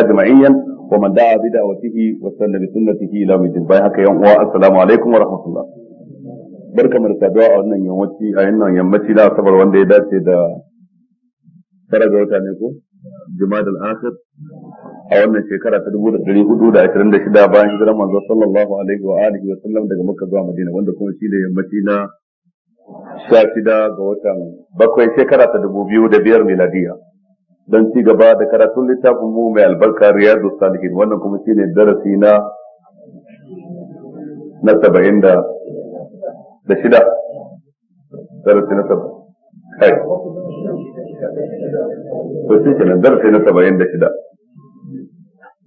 أجمعيا ومن دعا بدعوته وسلم بسنته إلى يوم الدين باي يوم السلام عليكم ورحمة الله barka mu da saduwa a wannan yammaci a wannan yammaci na asabar wanda ya dace da tara ga wata ne ko jumada al-akhir a wannan shekara ta dubu da dari hudu da ashirin da shida bayan hijirar manzo sallallahu alaihi wa wa sallam daga makka zuwa madina wanda kuma shi da na ga watan bakwai shekara ta dubu biyu da biyar don ci gaba da karatun littafin mu mai albarka riyadu salihin wannan kuma shine darasi na na saba'in da da shida darasi na saba'in kai to shi darasi na saba'in da shida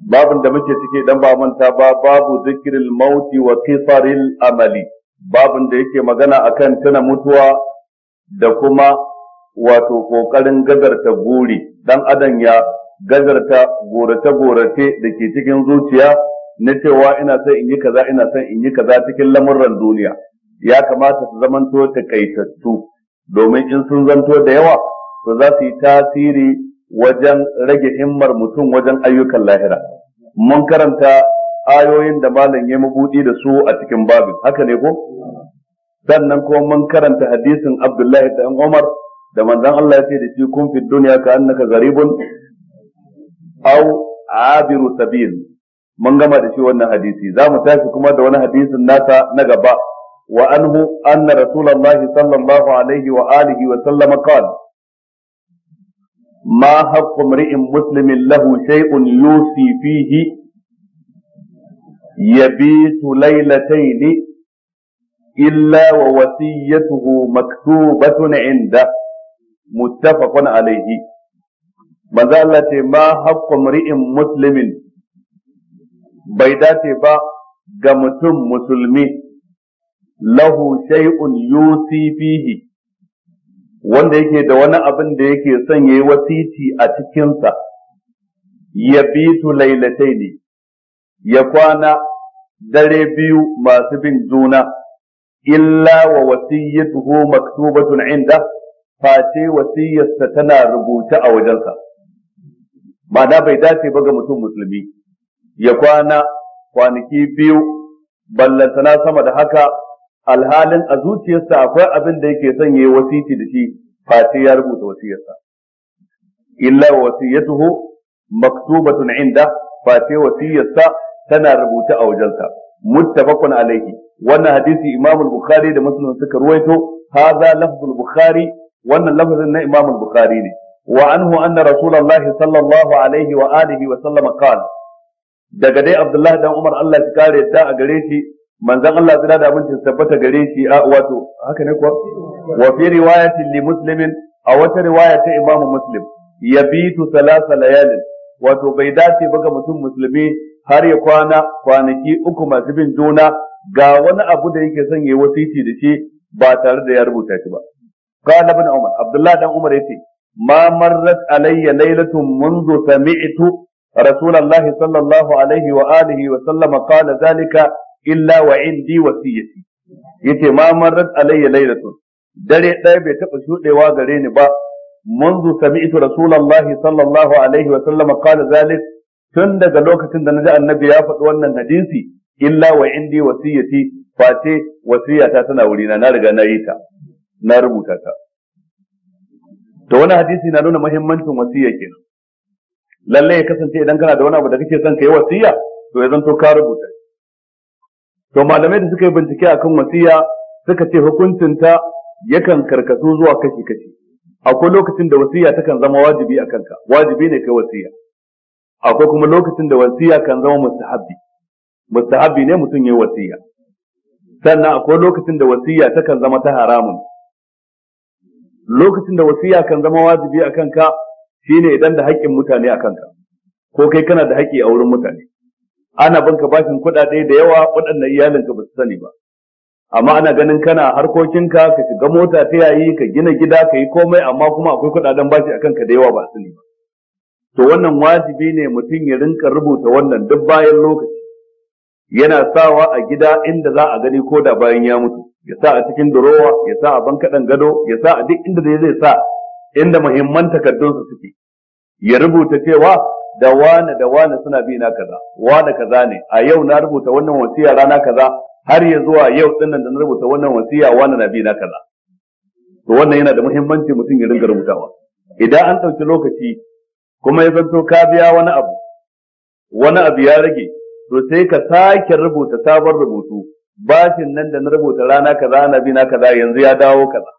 babin da muke cike dan ba manta ba babu zikirin mauti wa qisaril amali babin da yake magana akan tana mutuwa da kuma wato kokarin gazarta buri dan adam ya gazarta gorace-gorace da ke cikin zuciya na cewa ina son in yi kaza ina son in yi kaza cikin lamurran duniya ya kamata su zamanto takaitattu domin in sun zanto da yawa to za su yi tasiri wajen rage himmar mutum wajen ayyukan lahira mun karanta ayoyin da malam ya mabudi da su a cikin babin haka ne ko sannan kuma mun karanta hadisin abdullahi da umar da manzan Allah ya ce da shi kun fi duniya ka annaka garibun aw abiru sabil mun gama da shi wannan hadisi za mu tafi kuma da wani hadisin nata na gaba wa anhu anna rasulullahi sallallahu alaihi wa alihi wa sallama qala haqqu حق muslimin lahu shay'un yusi fihi yabitu يبيت illa wa wasiyyatuhu maktubatun عنده muttafaqun alaihi manzo Allah ce ma haqqu mri'in muslimin bai dace ba ga mutum musulmi lahu shay'un yusi fihi wanda yake da wani abin da yake son yayi wasiti a cikinsa ya bitu ne, ya kwana dare biyu masu bin juna illa wa wasiyyatuhu maktubatun inda face wasiyarsa tana rubuta a wajensa ma'ana bai dace ba ga mutum musulmi ya kwana kwanaki biyu ballantana sama da haka alhalin a zuciyarsa akwai abin da yake son yayi wasiti da shi face ya rubuta wasiyarsa illa wasiyatuhu maktubatun inda face wasiyarsa tana rubuta a wajensa muttafaqun alaihi wannan hadisi imam al-bukhari da muslim suka ruwaito hadha lafz al-bukhari wannan lafazin na Imam Bukhari ne wa anhu anna Rasulullah sallallahu alaihi wa alihi wa sallama qala daga dai Abdullah dan Umar Allah ya kare da a gare shi manzon Allah zira da abincin tabbata gare shi a wato haka ne kuwa wa fi riwayatin li muslimin a wata riwaya ta Imam Muslim yabitu salasa layalin wato bai dace ba ga mutum musulmi har ya kwana kwanaki uku masu bin juna ga wani abu da yake son ya wasiti da shi ba tare da ya rubuta shi ba qala ibn umar abdullah dan umar yace ma marrat alayya laylatun منذ سمعت رسول الله صلى الله عليه واله وسلم قال ذلك الا وعندي وصيتي yace ma marrat alayya laylatun dare ɗaya bai taɓa shuɗewa gare ni ba منذ سمعت رسول الله صلى الله عليه وسلم قال ذلك tun daga lokacin da naji annabi ya faɗi wannan hadisi illa wa indi wasiyati face wasiyata tana wurina na riga na yi ta na rubuta ta to wani hadisi na nuna muhimmancin wasiya kenan lalle ya kasance idan kana da wani abu da kake son kai wasiya to ya zanto ka rubuta to malamai da suka yi bincike akan wasiya suka ce hukuncinta yakan karkatu zuwa kashi kashi akwai lokacin da wasiya takan zama wajibi a kanka wajibi ne kai wasiya akwai kuma lokacin da wasiya kan zama mustahabbi mustahabbi ne mutum yi wasiya sannan akwai lokacin da wasiya takan zama ta haramun lokacin da wasiya kan zama wajibi a kanka shine idan da haƙƙin mutane a kanka ko kai kana da haƙƙi a wurin mutane ana banka bashin kuɗaɗe da yawa waɗannan iyalinka ba su sani ba amma ana ganin kana harkokinka ka shiga mota ta yayi ka gina gida ka yi komai amma kuma akwai kuɗaɗen bashi a kanka da yawa ba su ne ba to wannan wajibi ne mutum ya rinka rubuta wannan duk bayan lokaci yana sawa a gida inda za a gani ko da bayan ya mutu ya sa a cikin durowa ya sa a bankadan gado ya sa a duk inda zai sa inda muhimman takardunsu suke ya rubuta cewa da wane da wane suna bi na kaza wane kaza ne a yau na rubuta wannan wasiya rana kaza har ya zuwa yau dinnan da na rubuta wannan wasiya wane na bi na kaza to wannan yana da muhimmanci mutum ya dinga rubutawa idan an ɗauki lokaci kuma ya zanto ka biya wani abu wani abu ya rage to sai ka sake rubuta sabon rubutu bashin nan da na rubuta rana kaza na bi na kaza yanzu ya dawo kaza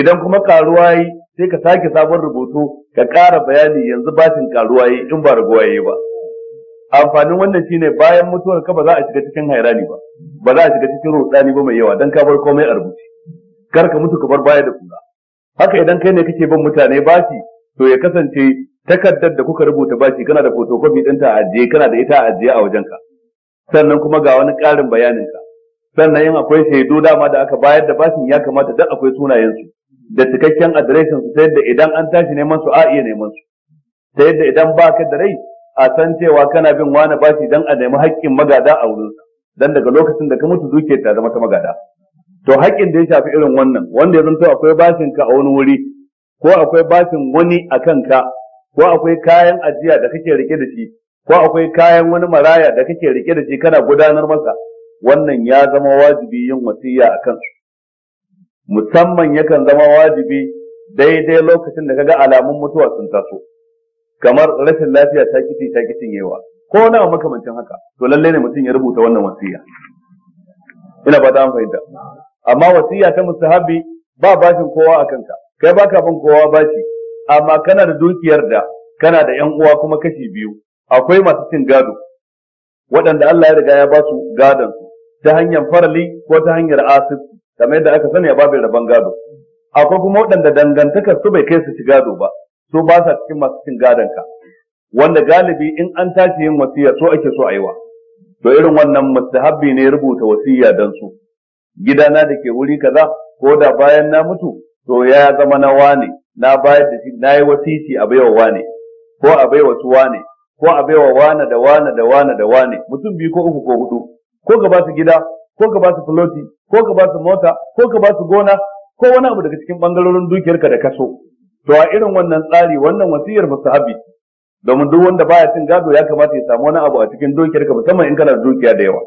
idan kuma karuwa yi sai ka sake sabon rubutu ka ƙara bayani yanzu bashin karuwa yi in ba rubuwa yi ba amfanin wannan shine bayan mutuwar ka ba za a shiga cikin hairani ba ba za a shiga cikin rudani ba mai yawa dan ka bar komai a rubuce kar ka mutu ka bar baya da kula haka idan kai ne kake bin mutane bashi to ya kasance takardar da kuka rubuta bashi kana da photocopy ɗinta a ajiye kana da ita a ajiye a wajenka sannan kuma ga wani ƙarin bayaninsa sannan yin akwai shaidu dama da aka bayar da bashin ya kamata duk akwai sunayensu da cikakken adireshin su ta yadda idan an tashi neman su a iya neman su ta yadda idan ba ka da rai a san cewa kana bin wani bashi dan a nemi haƙƙin magada a sa dan daga lokacin da ka mutu duke ta zama ta magada to haƙƙin da ya shafi irin wannan wanda ya zanto akwai bashin ka a wani wuri ko akwai bashin wani akan ka ko akwai kayan ajiya da kake rike da shi ko akwai kayan wani maraya da kake rike da shi kana gudanar masa wannan ya zama wajibi yin wasiya a kansu musamman yakan zama wajibi daidai lokacin da kaga alamun mutuwa sun taso kamar rashin lafiya ta kiti ta yawa ko wani abu makamancin haka to lalle ne mutum ya rubuta wannan wasiya ina ba an fahimta amma wasiya ta musahabi ba bashin kowa a kanka kai baka bin kowa bashi amma kana da dukiyar da kana da yan uwa kuma kashi biyu akwai masu cin gado waɗanda Allah ya riga ya ba su gadon su ta hanyar farali ko ta hanyar asib kamar yadda aka sani a babin rabon gado akwai kuma waɗanda dangantakar su bai kai su ci gado ba su ba sa cikin masu cin gadon ka wanda galibi in an tashi yin wasiya so ake so a yi wa to irin wannan mustahabbi ne rubuta wasiya dan su gidana da ke wuri kaza ko da bayan na mutu to ya zama na wane na bayar da shi na yi wasiti a baiwa wane ko a baiwa su wane ko a baiwa wane da wane da wane da wane mutum biyu ko uku ko hudu ko ka ba su gida ko ka ba su floti ko ka ba su mota ko ka ba su gona ko wani abu daga cikin bangarorin dukiyarka da kaso to a irin wannan tsari wannan wasiyar musahabi domin duk wanda baya cin gado ya kamata ya samu wani abu a cikin dukiyarka musamman in kana dukiya da yawa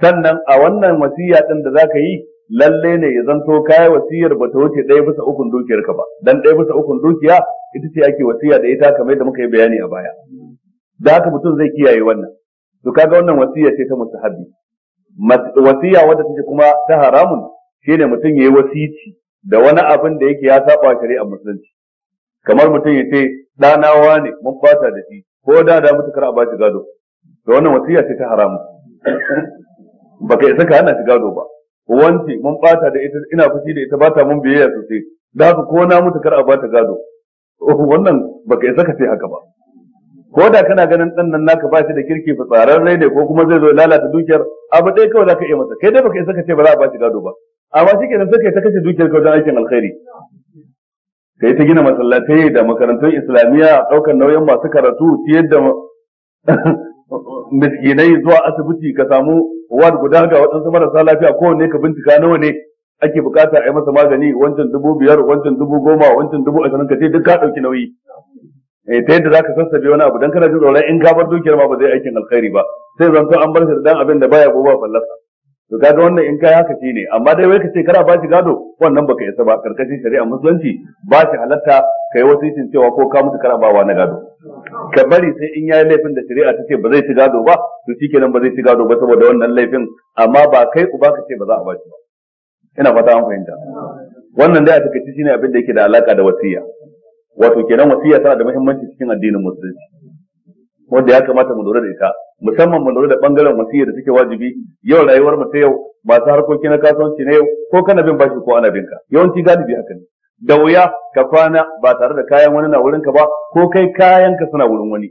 sannan a wannan wasiya din da zaka yi lalle ne ya zanto kaya wasiyar ba ta wuce ɗaya bisa ukun dukiyarka ba dan ɗaya bisa ukun dukiya ita ce ake wasiya da ita kamar yadda muka yi bayani a baya da haka mutum zai kiyaye wannan to kaga wannan wasiya ce ta mustahabi wasiya wadda take kuma ta haramun shine mutum yayi wasici da wani abin da yake ya saba shari'a musulunci kamar mutum ya ce ɗanawa ne mun fata da shi ko da da mutu kar a ba shi gado to wannan wasiya ce ta haramun baka isa ka hana shi gado ba wance mun bata da ita ina fushi da ita ba ta mun biyayya sosai da haka ko na mutu kar a ba ta gado wannan baka isa ka ce haka ba ko da kana ganin ɗan nan naka ba shi da kirki ba tsararre ne ko kuma zai zo lalata dukiyar abu ɗaya kawai za ka iya masa kai dai baka isa ka ce ba za a ba shi gado ba amma shi kenan sai ka ta kashe dukiyar ka wajen aikin alkhairi kai ta gina masallatai da makarantun islamiyya ɗaukar nauyin masu karatu ciyar da miskinai zuwa asibiti ka samu ward guda ga waɗansu marasa lafiya kowanne ka bincika nawa ne ake bukata a yi masa magani wancan dubu biyar wancan dubu goma wancan dubu ashirin ka ce duk ka ɗauki nauyi Mai eh, ta yadda zaka sassabe wani abu dan kana jin tsoron in ka bar dukiyar ma ba zai aikin alkhairi ba sai zanto an bar shi da dan abin da baya gobe fallasa to kaga wannan in kai haka ne, amma dai wai ka ce kana bashi gado wannan baka isa ba karkashin shari'a musulunci ba shi halatta kai yin cewa ko ka mutu kana bawa na gado ka bari sai in ya yi laifin da shari'a ta ce ba zai ci gado ba to shikenan ba zai ci gado ba saboda wannan laifin amma ba kai uba ka ce ba za a bashi ba ina fata an fahimta wannan dai a takaice shine abin da yake da alaka da wasiya wato kenan wasiya tana da muhimmanci cikin addinin musulunci wanda ya kamata mu lura da ita musamman mu lura da bangaren wasiya da take wajibi yau rayuwar mu ta yau masu harkoki na kasuwanci ne yau ko kana bin bashi ko ana bin ka yawanci galibi haka ne da wuya ka kwana ba tare da kayan wani na wurin ka ba ko kai kayan ka suna wurin wani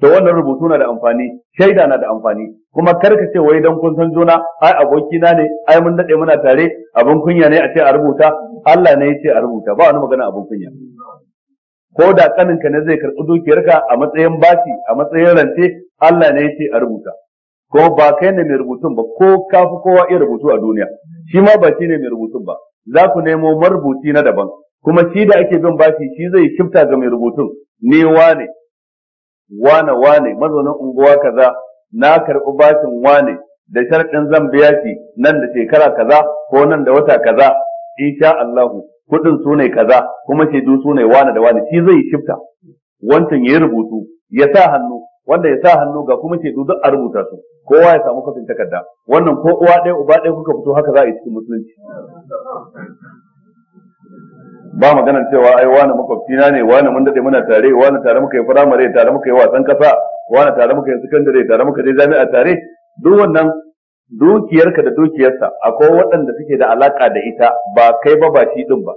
to wannan rubutu na da amfani shaida na da amfani kuma kar ka ce wai dan kun san juna ai aboki na ne ai mun dade muna tare abun kunya ne a ce a rubuta Allah ne ya ce a rubuta ba wani magana abun kunya ko da kaninka ne zai karɓi dukiyarka a matsayin bashi a matsayin rance Allah ne yake a rubuta ko ba kai ne mai rubutun ba ko ka fi kowa iya rubutu a duniya shi ma ba shi ne mai rubutun ba za ku nemo marubuci na daban kuma shi da ake bin bashi shi zai shifta ga mai rubutun ne wane wane wane mazaunin unguwa kaza na karɓi bashin wane da sharɗin zan biya shi nan da shekara kaza ko nan da wata kaza insha Allahu kudin su ne kaza kuma shaidu su ne wani da wani shi zai shifta wancan ya rubutu ya sa hannu wanda ya sa hannu ga kuma shaidu duk a rubuta su kowa ya samu kafin takarda wannan ko uwa ɗaya uba ɗaya kuka fito haka za a yi cikin musulunci ba magana cewa ai wani makwabcina ne wani mun dade muna tare wani tare muka yi firamare tare muka yi wasan kasa wani tare muka yi sakandare tare muka je jami'a tare duk wannan dukiyarka da dukiyarsa akwai waɗanda suke da alaƙa da ita ba kai ba ba shi din ba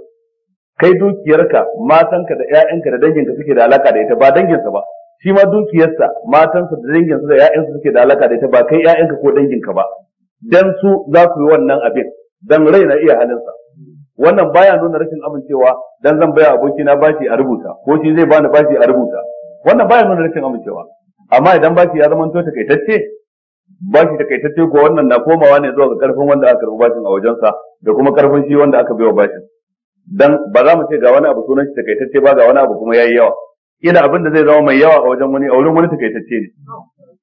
kai dukiyarka matanka da ƴaƴanka da danginka suke da alaƙa da ita ba danginsa ba shi ma dukiyarsa matansa da danginsa da ƴaƴansa suke da alaƙa da ita ba kai ƴaƴanka ko danginka ba dan su za ku yi wannan abin dan rai na iya halinsa wannan baya nuna rashin amincewa dan zan baya abokina bashi a rubuta ko shi zai bani bashi a rubuta wannan baya nuna rashin amincewa amma idan bashi ya zama to takaitacce bashi takaitacce ko wannan na komawa ne zuwa ga karfin wanda aka karbi bashin a wajensa da kuma karfin shi wanda aka baiwa bashin dan ba za mu ce ga wani abu sunan shi takaitacce ba ga wani abu kuma yayi yawa Ina abin da zai zama mai yawa a wajen wani a wurin wani takaitacce ne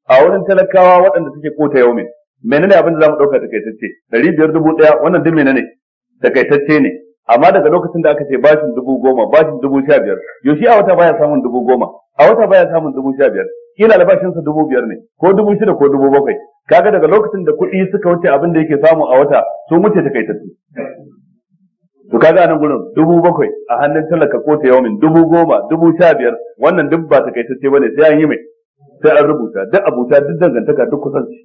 a wurin talakawa waɗanda suke kota yau ne menene abin da za mu ɗauka takaitacce ɗari biyar dubu ɗaya wannan duk menene takaitacce ne amma daga lokacin da aka ce bashin dubu goma bashin dubu sha biyar yaushe a wata baya samun dubu goma a wata baya samun dubu sha biyar kila albashinsa dubu biyar ne ko dubu shida ko dubu bakwai kaga daga lokacin da kuɗi suka wuce abin da yake samu a wata sun wuce ta kai ta su to kaga nan gurin dubu bakwai a hannun talaka ko ta yawmin dubu goma dubu sha biyar wannan duk ba ta kai ta bane sai an yi mai sai an rubuta duk abuta duk dangantaka duk kusanci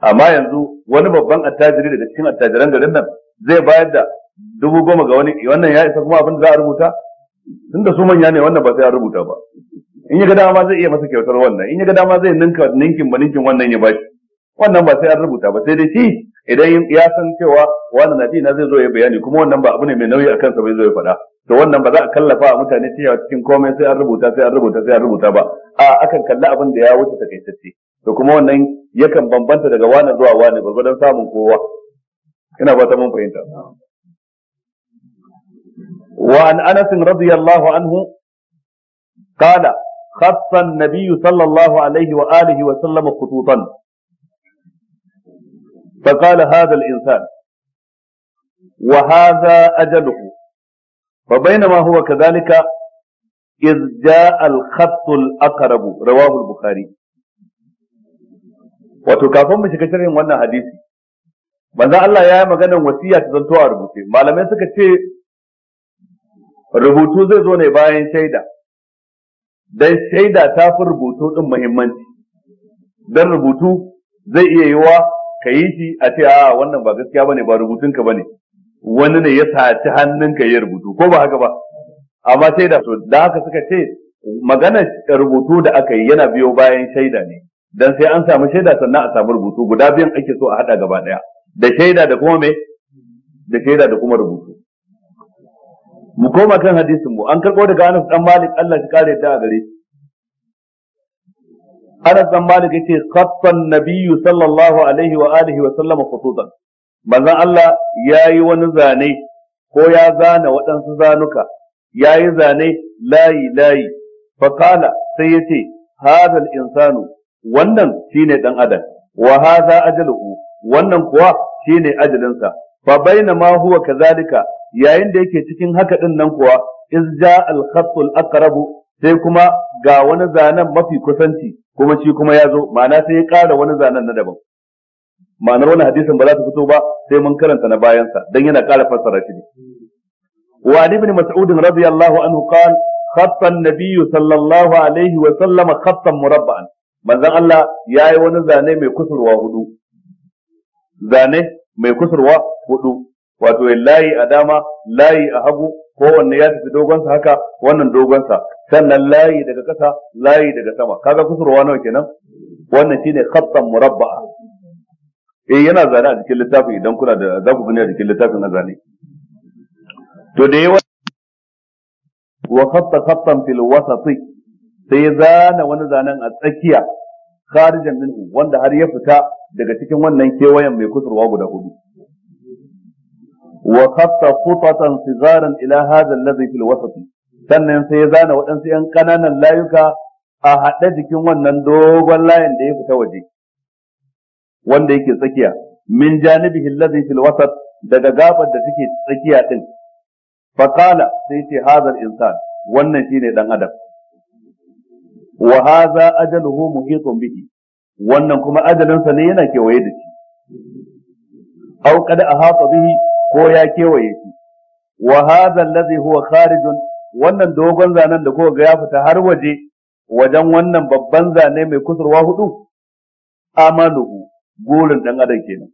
amma yanzu wani babban attajiri daga cikin attajiran garin nan zai bayar da dubu goma ga wani wannan ya isa kuma abin da za a rubuta tunda su manya ne wannan ba sai an rubuta ba in ya ga dama zai iya masa kyautar wannan in ya ga dama zai ninka ninkin ba ninkin wannan ya bashi wannan ba sai an rubuta ba sai dai shi idan ya san cewa wannan na na zai zo ya bayani kuma wannan ba abu ne mai nauyi a kansa bai zo ya faɗa to wannan ba za a kallafa a mutane cewa cikin komai sai an rubuta sai an rubuta sai an rubuta ba a akan kalli abin da ya wuce takaitacce to kuma wannan yakan bambanta daga wani zuwa wani gwargwadon samun kowa ina ba ta mun fahimta wa an anas radiyallahu anhu qala خط النبي صلى الله عليه وآله وسلم خطوطا فقال هذا الإنسان وهذا أجله فبينما هو كذلك إذ جاء الخط الأقرب رواه البخاري وتكافون بشكترين وانا حديثي banza Allah ya yi maganar wasiya ta zanto a rubuce malamai suka ce شيء zai zo ne bayan shaida dan shaida ta fi rubutu din muhimmanci dan rubutu zai iya yiwa ka yi shi a ce a wannan ba gaskiya bane ba rubutunka bane wani ne ya saci hannunka ya rubutu ko ba haka ba amma shaida to da haka suka ce magana rubutu da aka yi yana biyo bayan shaida ne dan sai an samu shaida sannan a samu rubutu guda biyan ake so a hada gaba daya da shaida da kuma me da shaida da kuma rubutu mu koma kan hadisin mu an karɓo daga Anas dan Malik Allah ya kare da gare shi Anas dan Malik yace qaffan nabiyyu sallallahu alaihi wa alihi wa sallam khututan manzon Allah yayi wani zane ko ya zana waɗansu zanuka yayi zane layi layi fa qala sai yace hadha al insanu wannan shine dan adam wa hadha ajaluhu wannan kuwa shine ajalinsa fa bainama huwa kadhalika yayin da yake cikin haka din nan kuwa iz ja al khatul aqrabu sai kuma ga wani zanen mafi kusanci kuma shi kuma ya zo ma'ana sai ya ƙara wani zanen na daban ma'anar wani hadisin ba za ta fito ba sai mun karanta na bayansa dan yana ƙara fassara shi ne wa ibn mas'ud radiyallahu anhu qala khatta an-nabiy sallallahu alaihi wa sallam khattan murabba'an manzon Allah yayi wani zane mai kusurwa hudu zane mai kusurwa hudu wato layi a dama layi a hagu kowanne ya tafi dogonsa haka wannan dogonsa sannan layi daga ƙasa layi daga sama kaga kusurwa nawa kenan wannan shine khattan murabba'a eh yana zane a cikin littafin idan kuna da za ku gani a cikin littafin a to da yawa wa khatta khattan fil wasati sai zana wani zanen a tsakiya kharijan minhu wanda har ya fita daga cikin wannan kewayen mai kusurwa guda hudu وخط خطة صغارا إلى هذا الذي في الوسط sannan sai ya zana waɗansu ‘yan ƙananan layuka a haɗe jikin wannan dogon layin da ya fita waje wanda yake tsakiya min janibihi allazi fil wasat daga gabar da take tsakiya din faqala sai ce hazal insan wannan shine dan adam wa hadha ajaluhu muhitun bihi wannan kuma ajalinsa ne yana kewaye da shi aw qad ahata bihi ko ya kewaye shi wa hadha alladhi huwa kharij wannan dogon zanen da kuka ga ya fita har waje wajen wannan babban zane mai kusurwa hudu amaluhu gurin dan adam kenan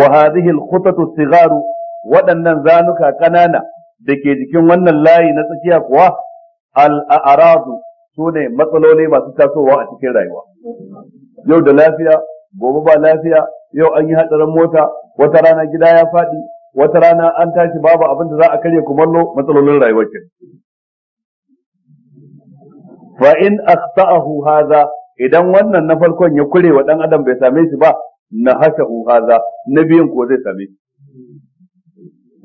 wa hadhihi alkhutatu sigaru waɗannan zanuka ƙanana da ke jikin wannan layi na tsakiya kuwa al'arazu su ne matsaloli masu tasowa a cikin rayuwa yau da lafiya gobe ba lafiya yau an yi hatsarin mota wata rana gida ya faɗi wata rana an tashi babu abin da za a karya kumallo matsalolin rayuwar ke fa in akhta'ahu hadha idan wannan na farkon ya kure wa dan adam bai same shi ba na hashahu hadha na biyun ko zai same shi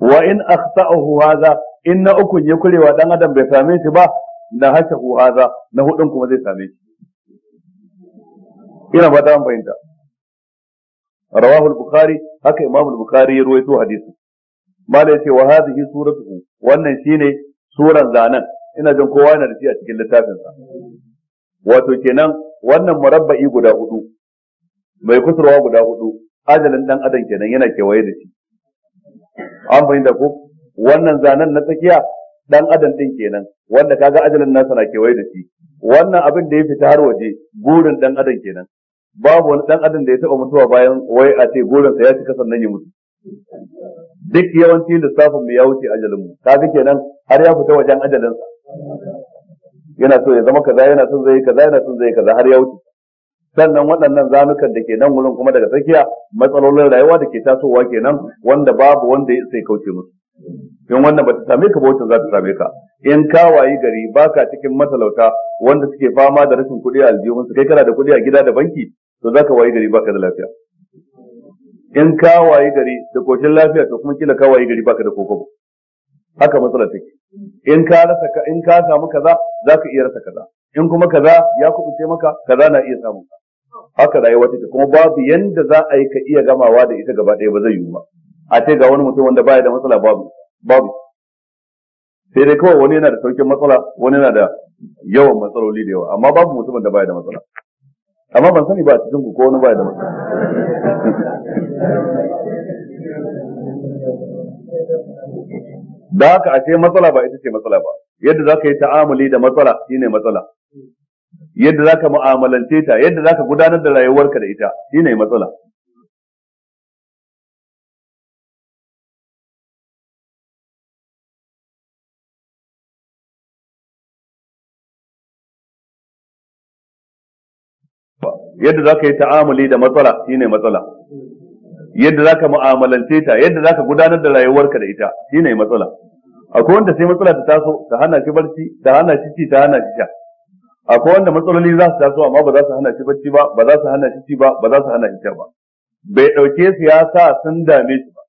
wa in akhta'ahu hadha in na ukun ya kure wa dan adam bai same shi ba na hashahu hadha na hudun kuma zai same shi ina ba ta fahimta رواه البخاري bukhari haka البخاري يروي bukhari ya ruwaito hadisin mala yace wa hadhihi suratuhu wannan shine suran zanen ina jin kowa yana da shi a cikin littafin sa wato kenan wannan murabba'i guda hudu mai kusurwa guda hudu ajalin dan adam kenan yana kewaye da shi an fahimta ko wannan zanen na tsakiya dan adam din kenan wanda kaga ajalin nasa na kewaye da shi wannan abin da ya fita har waje burin dan adam kenan babu wani dan adam da ya taba mutuwa bayan wai a ce gurin sa ya cika sannan ya mutu duk yawanci lissafin mu ya wuce ajalin mu kaga kenan har ya fita wajen ajalin sa yana so ya zama kaza yana son zai kaza yana son zai kaza har ya wuce sannan waɗannan zanukan da ke nan wurin kuma daga tsakiya matsalolin rayuwa da ke tasowa kenan wanda babu wanda ya sai kauce musu in wannan ba ta same ka ba wacce za ta same ka in ka wayi gari baka cikin matalauta wanda suke fama da rashin kuɗi a aljihun su kai kana da kuɗi a gida da banki to zaka wayi gari baka da lafiya in ka wayi gari da koshin lafiya to kuma kila ka wayi gari baka da kokobo haka matsala take in ka rasa ka in ka samu kaza zaka iya rasa kaza in kuma kaza ya kubuce maka kaza na iya samun ka haka rayuwa take kuma babu yanda za a yi ka iya gamawa da ita gaba ɗaya ba zai yiwu ba a ce ga wani mutum wanda baya da matsala babu babu sai dai kawai wani yana da saukin matsala wani yana da yawan matsaloli da yawa amma babu mutumin da baya da matsala amma ban sani ba a cikin ku ko wani ba da mutum da haka ashe matsala ba ita ce matsala ba yadda za ka yi ta'amali da matsala shine matsala yadda za ka mu'amalance ta yadda za ka gudanar da rayuwarka da ita shine matsala yadda za ka yi ta'amuli da matsala shine matsala yadda za ka mu'amalance ta yadda za ka gudanar da rayuwarka da ita shine matsala akwai wanda sai matsala ta taso ta hana shi barci ta hana shi ci ta hana shi sha akwai wanda matsaloli za su taso amma ba za su hana shi barci ba ba za su hana shi ci ba ba za su hana shi sha ba bai dauke su ya sa sun dame shi ba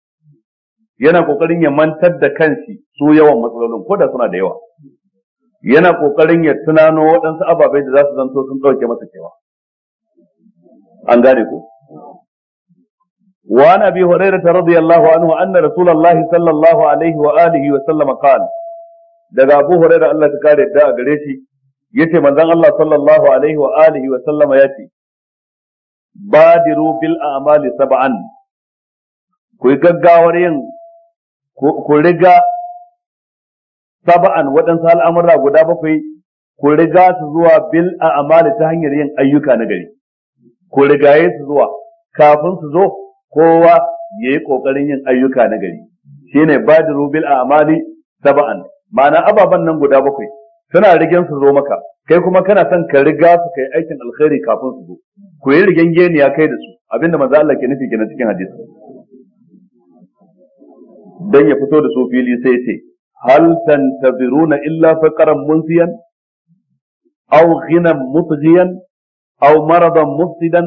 yana kokarin ya mantar da kansa su yawan matsalolin ko da suna da yawa yana kokarin ya tunano waɗansu ababai da za su zanto sun ɗauke masa cewa an gane ku وعن ابي هريره رضي الله عنه ان رسول الله صلى الله عليه واله وسلم قال daga abu huraira Allah ta kare da a gare shi yace manzon Allah sallallahu alaihi wa alihi wa sallama yace badiru bil a'mali sab'an ku gaggawar ku riga sab'an waɗansu al'amura guda bakwai ku riga su zuwa bil a'mali ta hanyar yin ayyuka na gari ku rigaye su zuwa kafin su zo kowa ya yi ƙoƙarin yin ayyuka na gari shine badiru bil a'mali saba'an ma'ana ababen nan guda bakwai suna rigen su zo maka kai kuma kana son ka riga su kai aikin alkhairi kafin su zo ku yi rigen geniya kai da su abinda manzo Allah ke nufi kenan cikin hadisi dan ya fito da su fili sai ce hal tantaziruna illa faqaran munsiyan aw ghinan mutghiyan أو مرضا مفسدا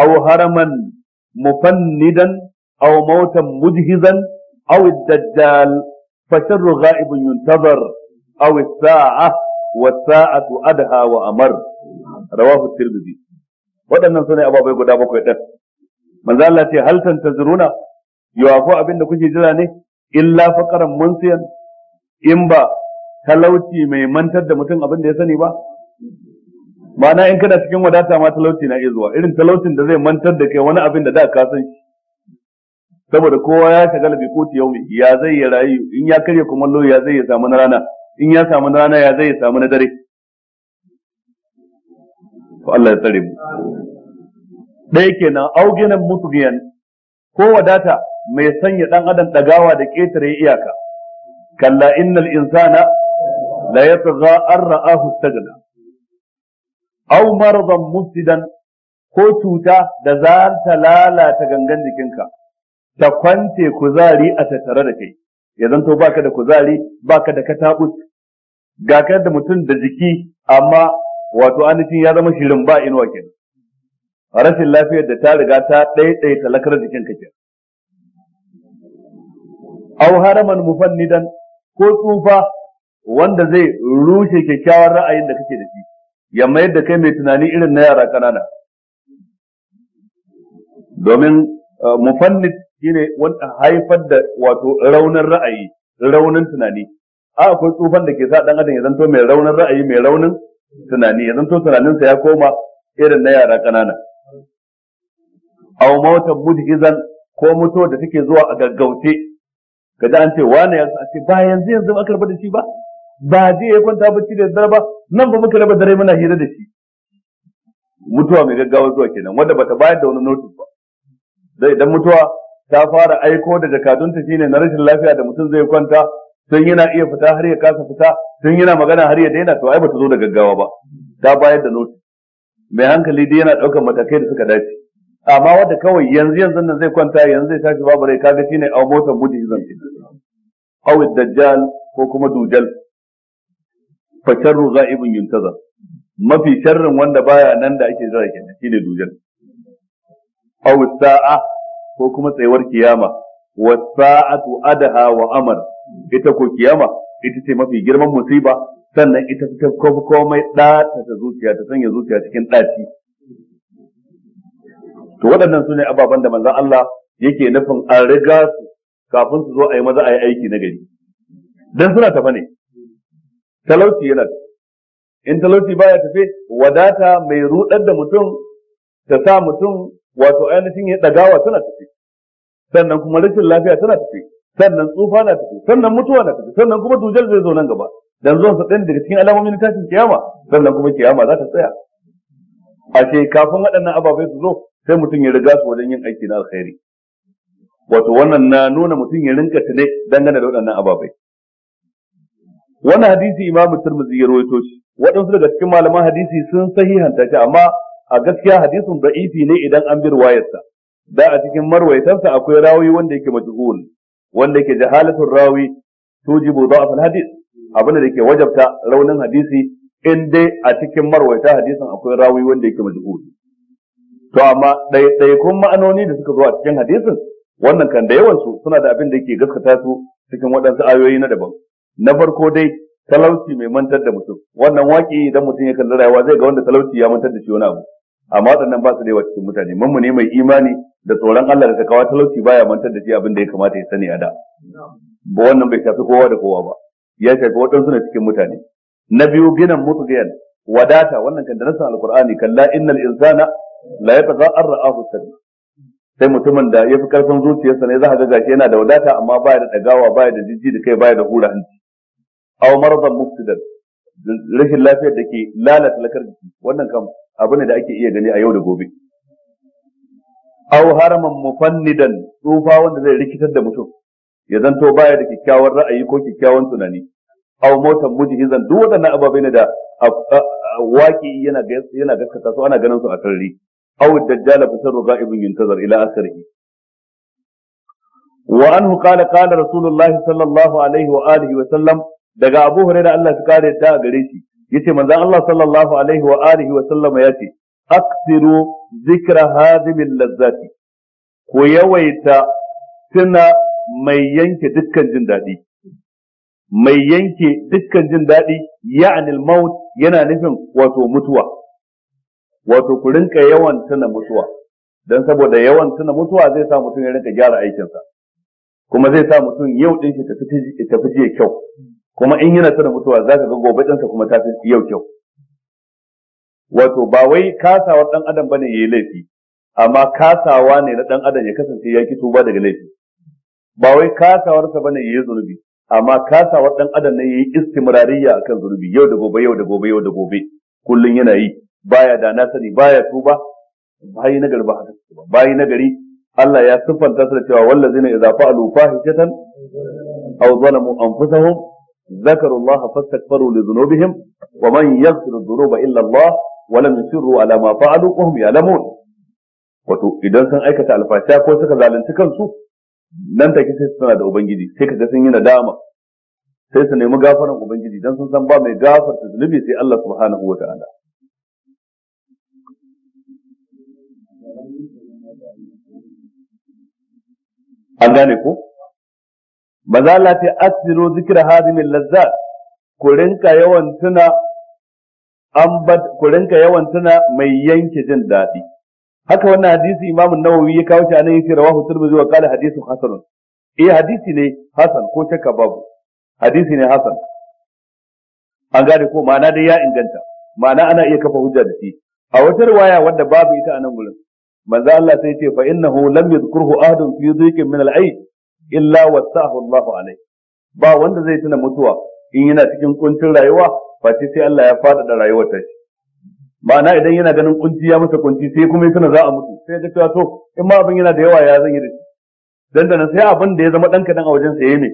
أو هرما مفندا أو موتا مجهزا أو الدجال فشر غائب ينتظر أو الساعة والساعة أدهى وأمر رواه الترمذي waɗannan su ne ababai guda bakwai ɗin manzo Allah ce hal tantazuruna yawa abin da kuke jira ne illa faqaran munsiyan in ba talauci mai mantar da mutum abin da ya sani ba ma'ana in kana cikin wadata ma talauci na iya zuwa irin talaucin da zai mantar da kai wani abin da da ka san shi saboda kowa ya shagala ko ta yau ya zai ya rayu in ya karya lo ya zai ya samu na rana in ya samu na rana ya zai ya samu na dare to Allah ya tsare mu dai kenan auginan mutugiyan ko wadata mai sanya dan adam dagawa da ketare iyaka kalla innal insana la yatgha an ra'ahu istagna aw maradan mufsidan ko cuta da za ta lalata gangan jikinka ta kwance kuzari a tattare da kai ya zanto baka da kuzari baka da katabut ga ka da mutum da jiki amma wato ainihin ya zama shirin ba inuwa kenan rashin lafiyar da ta riga ta ɗaiɗaita talakar jikinka kenan aw haraman mufannidan ko tsufa wanda zai rushe kyakkyawar ra'ayin da kake da shi ya mayar da kai mai tunani irin na yara kanana domin uh, mufannit shine wanda haifar da wato raunin ra'ayi raunin tunani a akwai tsufan da ke sa dan adam ya zanto mai raunin ra'ayi mai raunin tunani ya zanto tunaninsa ya koma irin na yara kanana aw mautan mudhizan ko mutuwa da take zuwa a gaggauce kaji an ce wane ya ce ba yanzu yanzu aka rabu da shi ba ba je ya kwanta bacci da dare ba nan ba muka raba dare muna hira da shi mutuwa mai gaggawa zuwa kenan wanda bata bayar da wani notice ba dai idan mutuwa ta fara aiko da jakadunta shine na rashin lafiya da mutum zai kwanta tun yana iya fita har ya kasa fita tun yana magana har ya daina to ai bata zo da gaggawa ba ta bayar da notice mai hankali dai yana ɗaukar matakai da suka dace amma wanda kawai yanzu yanzu nan zai kwanta yanzu zai tashi babu rai kaga shine a motar mujizan au dajjal ko kuma dujal fa sharru ghaibun yuntazar mafi sharrin wanda baya nan da ake zara kenan shine dujan aw sa'a ko kuma tsayuwar kiyama wa sa'atu adaha wa amar ita ko kiyama ita ce mafi girman musiba sannan ita ta komai ɗata ta zuciya ta sanya zuciya cikin ɗaci to waɗannan su ne ababen da manzon Allah yake nufin an riga su kafin su zo a yi maza a yi aiki na gari dan suna tafa ne talauci yana in talauci baya tafe wadata mai rudar da mutum ta sa mutum wato ainihin ya dagawa tana tafe sannan kuma rashin lafiya tana tafe sannan tsufa na tafe sannan mutuwa na tafe sannan kuma dujal zai zo nan gaba dan zuwan sa daga cikin alamomin tashin kiyama sannan kuma kiyama za ta tsaya ashe kafin waɗannan ababai su zo sai mutum ya riga su wajen yin aiki na alkhairi wato wannan na nuna mutum ya rinka tune dangane da waɗannan ababai wannan hadisi imamu turmuzi ya rawaito shi waɗansu daga cikin malaman hadisi sun sahihanta shi amma a gaskiya hadisin ba'ifi ne idan an bi riwayarsa da a cikin marwaitarsa akwai rawi wanda yake majhul wanda yake jahalatul rawi tujibu da'af hadis abin da ke wajabta raunin hadisi in dai a cikin marwaita hadisin akwai rawi wanda yake majhul to amma ɗaiɗaikun ma'anoni da suka zo a cikin hadisin wannan kan da yawansu suna da abin da yake gaskata su cikin waɗansu ayoyi na daban na farko dai talauci mai mantar da mutum wannan waki idan mutum ya kalli rayuwa zai ga wanda talauci ya mantar da shi wani abu amma waɗannan ba su da yawa cikin mutane mun ne mai imani da tsoron Allah da takawa talauci baya mantar da shi abin da ya kamata ya sani a da ba wannan bai shafi kowa da kowa ba ya shafi waɗansu ne cikin mutane na biyu ginan mutugiyar wadata wannan kan da nasan alqur'ani kalla innal insana la yataza arra'ahu sani. sai mutumin da ya fi karfin zuciyarsa ne za a ga gashi yana da wadata amma baya da dagawa baya da jijji da kai baya da hura hanci aw maradan mufsidan rashin lafiyar da ke lalata lakar jiki wannan kam abu ne da ake iya gani a yau da gobe aw haraman mufannidan tsufa wanda zai rikitar da mutum ya zanto baya da kyakkyawan ra'ayi ko kyakkyawan tunani aw motan mujhizan duk waɗannan ababe ne da waki yana yana gaskata su ana ganin su a sarri aw dajjala fasar ga'ibun yuntazar ila akhirih wa anhu qala qala rasulullahi sallallahu alaihi wa alihi wa sallam daga Abu da Allah ya kare ta gare shi yace manzo Allah sallallahu alaihi wa alihi wa sallama yace aksiru zikra hadhihi lazzati ku yawaita tuna mai yanke dukkan jin daɗi mai yanke dukkan jin daɗi al maut yana nufin wato mutuwa wato ku rinka yawan tuna mutuwa dan saboda yawan tuna mutuwa zai sa mutum ya rinka gyara aikinsa kuma zai sa mutum yau din shi tafi jiya kyau kuma in yana tana mutuwa za ka ga gobe ɗansa kuma ta fi yau kyau wato ba wai kasawar ɗan adam bane yi laifi amma kasawa ne na ɗan adam ya kasance ya ki tuba daga laifi ba wai kasawarsa bane yi zunubi amma kasawar ɗan adam ne ya yayi istimrariya kan zunubi yau da gobe yau da gobe yau da gobe kullum yana yi baya da na sani baya tuba bayi na gari ba haka ba bayi na gari Allah ya siffanta su da cewa wallazina idza fa'alu fahishatan aw zalamu anfusahum ذكروا الله فاستكبروا لذنوبهم ومن يغفر الذنوب illallah الله ولم يصروا على ما فعلوا وهم يعلمون wato idan sun aikata alfasha ko suka zalunci kansu nan take sai suna da ubangiji sai kaga sun yi nadama sai su nemi gafaran ubangiji dan sun san ba mai gafarta zunubi sai Allah subhanahu wa ta'ala an gane ko ba za la ta asiru zikra hadimin lazzat ku rinka yawan tuna ku rinka yawan tuna mai yanke jin daɗi haka wannan hadisi imamu nawawi ya kawo shi anan yake rawahu tirmidhi wa qala hadithun hasan eh hadisi ne hasan ko shakka babu hadisi ne hasan an gane ko ma'ana dai ya inganta ma'ana ana iya kafa hujja da shi a wata riwaya wadda babu ita a nan gurin manzo Allah sai ce fa innahu lam yadhkurhu ahadun fi dhikrin min al ayy illa wasahu Allahu alai ba wanda zai tuna mutuwa in yana cikin kuncin rayuwa face sai Allah ya da rayuwar ta shi ma'ana idan yana ganin kunci ya masa kunci sai kuma ya za a mutu sai ya cewa to in ma abin yana da yawa ya zan yi da shi dan sai abin da ya zama dan kadan a wajen sa yayi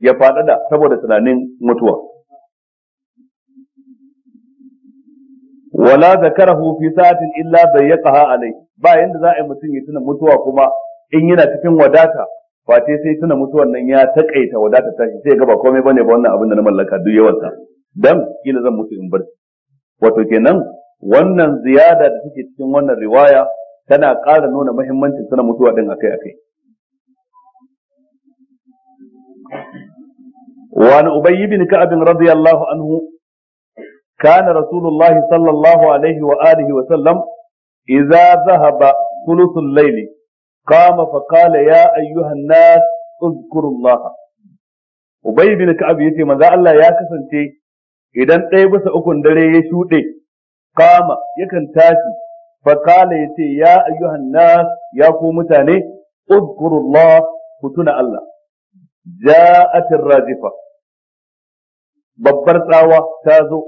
ya faɗada saboda tunanin mutuwa wala zakarahu fi sa'atin illa bayyaqaha alai ba yanda za a yi mutum ya tuna mutuwa kuma in yana cikin wadata fate sai tuna mutuwan nan ya takaita wadatar tashi sai ga ba komai bane ba wannan abin da na mallaka duk yawansa dan kila zan mutu in bar wato kenan wannan ziyada da take cikin wannan riwaya tana ƙara nuna muhimmancin tuna mutuwa din akai akai وعن أبي بن كعب رضي الله عنه كان رسول الله صلى الله عليه وآله وسلم إذا ذهب ثلث الليل Kama fa qala ya ayyuhan nas uzkurullah ubay bin ka'ab yace manzo Allah ya kasance idan ɗaya bisa ukun dare ya shuɗe Kama yakan tashi fa qala yace ya ayyuhan nas ya ku mutane uzkurullah ku tuna Allah ja'at rajifa babbar tsawa ta zo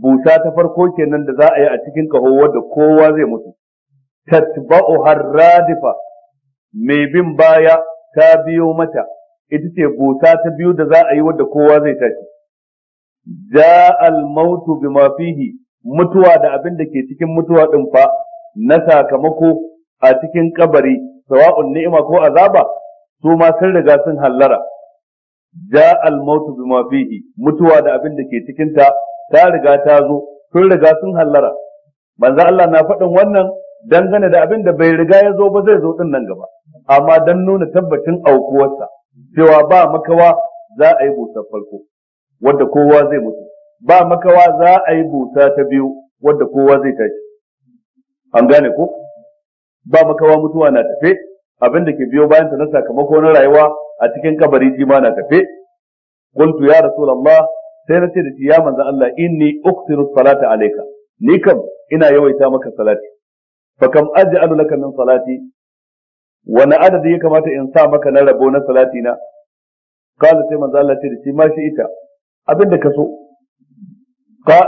busa ta farko kenan da za a yi a cikin kahowar da kowa zai mutu tatba'uha radifa mai bin baya ta biyo mata ita ce gota ta biyu da za a yi wadda kowa zai tashi ja al-mautu bima fihi mutuwa da abin da ke cikin mutuwa din fa na sakamako a cikin kabari sawa'un ni'ima ko azaba su ma sun riga sun hallara ja al-mautu bima fihi mutuwa da abin da ke cikin ta ta riga ta zo sun riga sun hallara manzo Allah na faɗin wannan dangane da abin da bai riga ya zo ba zai zo din nan gaba amma dan nuna tabbacin aukuwarsa cewa ba makawa za a yi busar farko wadda kowa zai mutu ba makawa za a yi busa ta biyu wadda kowa zai tashi an gane ko ba makawa mutuwa na tafe abin da ke biyo bayan ta na sakamako na rayuwa a cikin kabari na tafe kuntu ya rasulullah sai na ce da shi ya manzo Allah inni uqtiru salata alayka ni kam ina yawaita maka salati fa kam aj'alu laka min salati wani adadi ya kamata in sa maka na rabo na salati na kala sai manzo ce da shi ma ita abinda ka so ka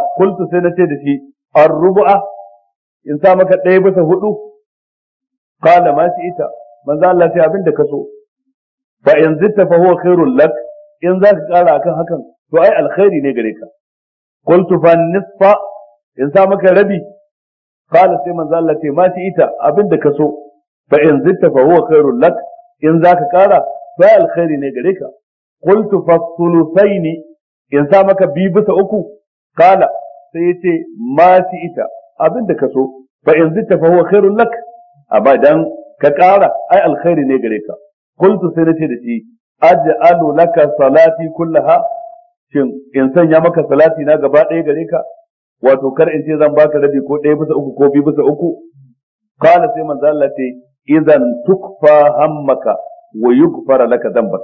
sai na ce da shi ar-rubu'a in sa maka ɗaya bisa huɗu? kala ma shi ita manzo Allah abinda ka so in zitta fa lak in za ka akan hakan to ai alkhairi ne gare ka in sa maka rabi qala sai manzo Allah ce ma shi ita abinda ka so Ba in zitta fa huwa khairul lak in zaka kara fa alkhairi ne gare ka qultu fa thuluthaini in sa maka bi bisa uku kala sai yace ma shi ita abinda ka so Ba in zitta fa huwa khairul lak amma dan ka kara ai alkhairi ne gare ka qultu sai nace da shi aj'alu laka salati kullaha shin in sanya maka salati na gaba ɗaya gare ka wato kar in ce zan baka rabi ko ɗaya bisa uku ko biyu bisa uku kana sai manzo Allah ce idan tukfa hammaka wa yughfar laka dhanbak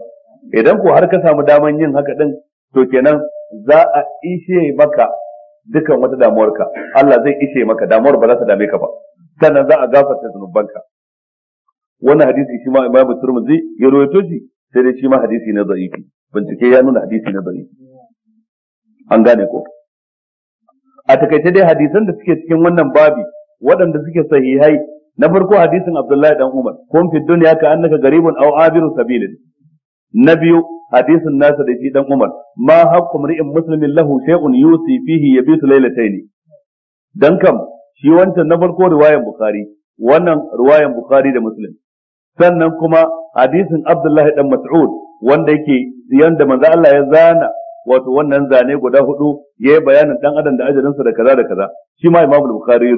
idan ko har ka samu daman yin haka din to kenan za a ishe maka dukan wata damuwarka Allah zai ishe maka damuwar ba za ta dame ka ba sannan za a gafarta ka. wannan hadisi shi ma imamu Tirmidhi ya rawaito shi sai dai shi ma hadisi na da'ifi bincike ya nuna hadisi na da'ifi an gane ko a takaice dai hadisan da suke cikin wannan babi waɗanda suke sahihai na farko hadisin Abdullahi dan Umar kun fi dunya ka annaka garibun aw abiru sabilin na biyu hadisin nasa da shi dan Umar ma hakku mar'in muslimin lahu shay'un yusi fihi yabitu laylatayn dan kam shi wancan na farko riwayan bukhari wannan riwayan bukhari da muslim sannan kuma hadisin Abdullahi dan Mas'ud wanda yake yanda manzo Allah ya zana wato wannan zane guda hudu yi bayanin dan adam da ajalinsa da kaza da kaza shi ma imamu Bukhari ya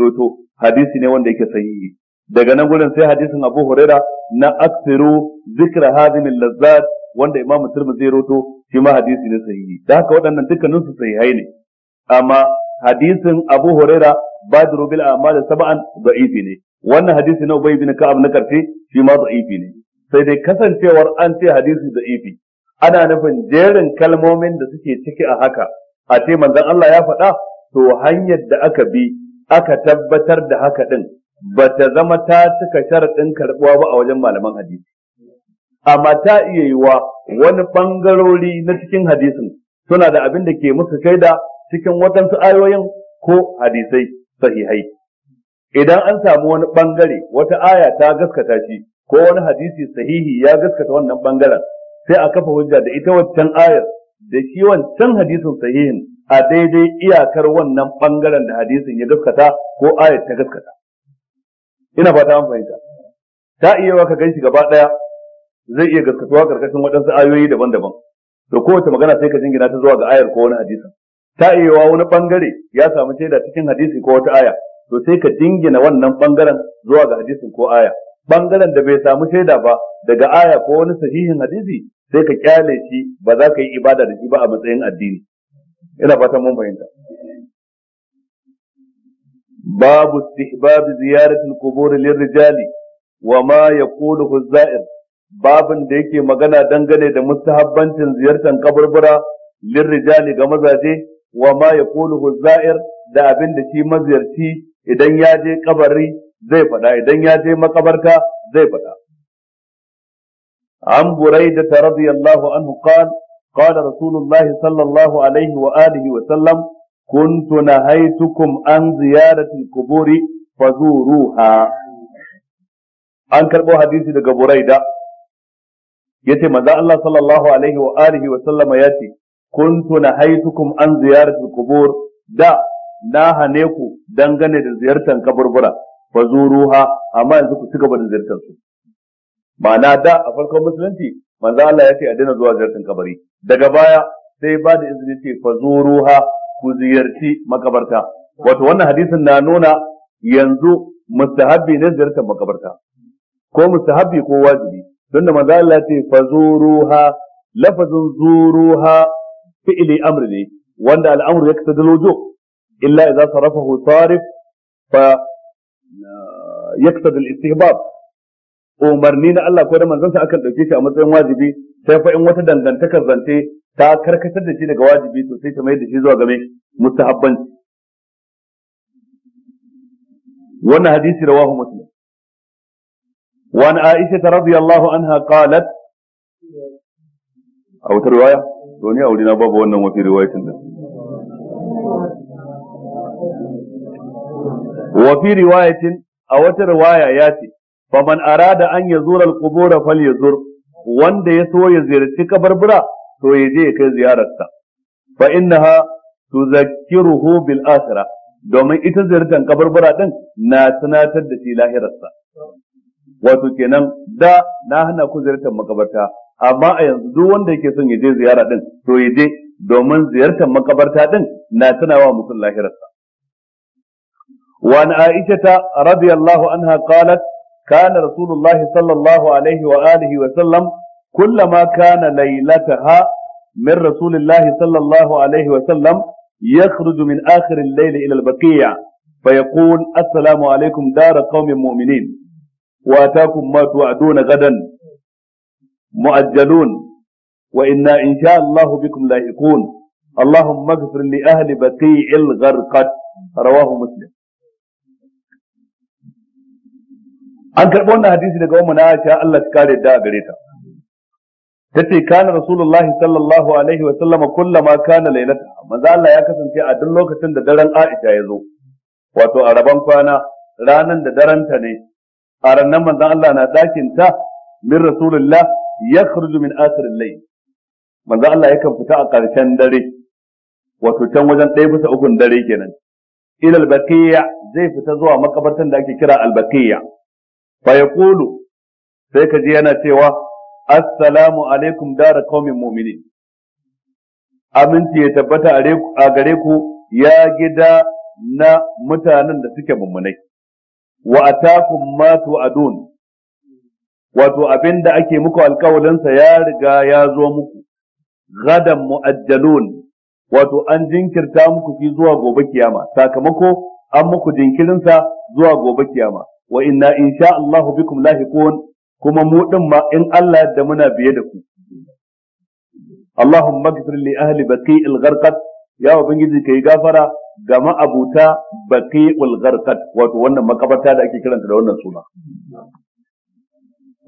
hadisi ne wanda yake sahihi daga nan gurin sai hadisin Abu Huraira na aksiru zikra hadin lazzat wanda imamu Tirmidhi zai roto shi ma hadisi ne sahihi da haka waɗannan dukkanin su sahihai ne amma hadisin Abu Huraira badru bil a'mal sab'an da'ifi ne wannan hadisi na Ubay bin Ka'ab na karfi shi ma da'ifi ne sai dai kasancewar an ce hadisi da'ifi ana nufin jerin kalmomin da suke ciki a haka a ce manzon Allah ya faɗa to hanyar da aka bi aka tabbatar da haka din ba ta zama ta cika sharaɗin karɓuwa ba a wajen malaman hadisi amma ta iya yiwa wani ɓangarori na cikin hadisin suna da abin da ke musu shaida cikin waɗansu ayoyin ko hadisai sahihai idan an samu wani ɓangare wata aya ta gaskata shi ko wani hadisi sahihi ya gaskata wannan ɓangaren sai a kafa hujja da ita waccan ayar da shi wancan hadisin sahihin a daidai iyakar wannan bangaren da hadisin ya gaskata ko ayar ta gaskata ina fata an fahimta ta iya wa ka gan shi gaba daya zai iya gaskatuwa karkashin waɗansu ayoyi daban-daban da kowace magana sai ka jingina ta zuwa ga ayar ko wani hadisin ta iya wa wani bangare ya samu shaida cikin hadisi ko wata aya to sai ka jingina wannan bangaren zuwa ga hadisin ko aya bangaren da bai samu shaida ba daga aya ko wani sahihin hadisi sai ka kyale shi ba za ka yi ibada da shi ba a matsayin addini ina fatan mun fahimta babu istihbab ziyarat al-qubur lirrijali wa ma yaquluhu az-za'ir babin da yake magana dangane da mustahabbancin ziyartar kaburbura lirrijali ga mazaje wa ma yaquluhu az-za'ir da abin da shi maziyarci idan ya je kabari zai faɗa idan ya je makabarta zai faɗa عن بريدة رضي الله عنه قال قال رسول الله صلى الله عليه وآله وسلم كنت نهيتكم عن زيارة القبور فزوروها an karɓo hadisi daga Buraida yace manzo Allah sallallahu alaihi wa alihi wa sallama yace kuntu nahaitukum an ziyaratil qubur da na hane ku dangane da ziyartar kaburbura fazuruha amma yanzu ku cigaba da ziyartar su ma'ana da a farkon musulunci manzo Allah ya ce a daina zuwa ziyartar kabari daga baya sai ba da izini ce fa zuruha ku ziyarci makabarta wato wannan hadisin na nuna yanzu mustahabbi ne ziyartar makabarta ko mustahabbi ko wajibi don da manzo Allah ce fa zuruha lafazin zuruha fi'li amr ne wanda al'amru ya kasa dalwujo illa idza sarafahu sarif fa yaqtadi al-istihbab umarni na Allah ko da manzansa akan dauke shi a matsayin wajibi sai fa in wata dangantakar zance ta karkatar da shi daga wajibi to sai ta mai da shi zuwa game mustahabban wannan hadisi rawahu muslim وعن عائشة رضي الله عنها قالت أو رواية دوني أو لنا باب وانا وفي رواية وفي رواية أو رواية ياتي faman da an yazura al-qubur falyazur wanda ya so ya ziyarci kabarbura to ya je ya kai ziyararsa fa innaha tuzakkiruhu bil akhirah domin ita ziyartar kabarbura din na tunatar da shi lahirarsa wato kenan da na hana ku ziyartar makabarta amma a yanzu duk wanda yake son ya je ziyara to domin ziyartar makabarta na mutum lahirarsa وعن عائشة رضي الله عنها قالت كان رسول الله صلى الله عليه وآله وسلم كلما كان ليلتها من رسول الله صلى الله عليه وسلم يخرج من آخر الليل إلى البقيع فيقول السلام عليكم دار قوم مؤمنين وأتاكم ما توعدون غدا مؤجلون وإنا إن شاء الله بكم لاحقون اللهم اغفر لأهل بقيع الغرقد رواه مسلم an karɓi wannan hadisi daga ummu Aisha Allah ta kare da gare ta tace kana rasulullahi sallallahu alaihi wa sallama kullama kana lailata manzo Allah ya kasance a duk lokacin da daren Aisha ya zo wato a kwana ranan da daren ta ne a ranan manzo Allah na dakin ta min rasulullah yakhruju min asirin al-layl manzo Allah yakan fita a ƙarshen dare wato can wajen ɗaya bisa ukun dare kenan ilal baqiya zai fita zuwa makabartan da ake kira al-baqiya fa Kulu, sai ka ji yana cewa assalamu alaikum dara kaumin mu'minin aminci ya tabbata a gare ku ya gida na mutanen da suke mummunai wa atakum ma tu'adun wato abin da ake muku alkawalinsa ya riga ya zo muku gadan mu'ajjalun wato an jinkirta muku shi zuwa gobe kiyama sakamako an muku jinkirinsa zuwa gobe kiyama wa inna insha Allahu bikum lahiqun kuma mu din ma in Allah da muna biye da ku Allahumma ighfir li ahli baqi'il gharqad ya ubangiji kai gafara ga ma'abuta baqi'ul gharqad wato wannan makabarta da ake kiranta da wannan suna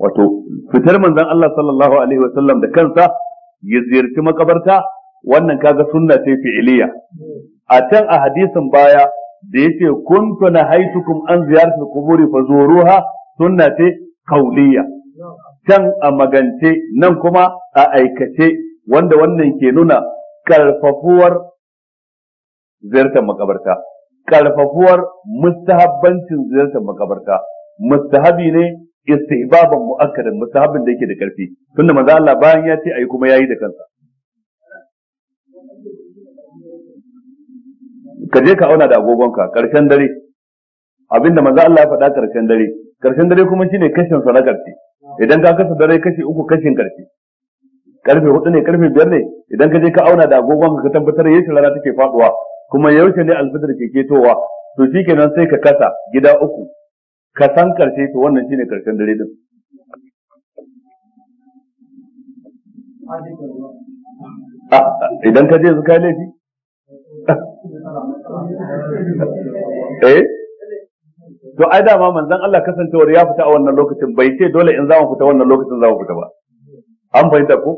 wato fitar manzon Allah sallallahu alaihi wasallam da kansa ya ziyarci makabarta wannan kaga sunna ce fi'iliya a can a hadisin baya da yace kuntu haitukum an ziyaratul quburi fazuruha sunna ce kauliya can a magance nan kuma a aikace wanda wannan ke nuna karfafuwar ziyartar makabarta karfafuwar mustahabbancin ziyartar makabarta mustahabi ne istihbaban mu'akkadan mustahabin da yake da karfi tunda manzo Allah bayan ya ce ayi kuma yayi da kansa ka je ka auna da agogonka karshen dare abinda manzo Allah ya faɗa karshen dare karshen dare kuma shine kashin sadakar ce idan ka kasa dare kashi uku kashin ƙarfe. Ƙarfe hudu ne ƙarfe biyar ne idan ka je ka auna da agogonka ka tabbatar yaushe rana take faduwa kuma yaushe ne alfitar ke ketowa to shikenan sai ka kasa gida uku ka san ƙarshe to wannan shine karshen dare din idan ka je su kai laifi eh to ai dama manzon Allah kasancewar ya fita a wannan lokacin bai ce dole in zamu fita wannan lokacin zamu fita ba an fahimta ko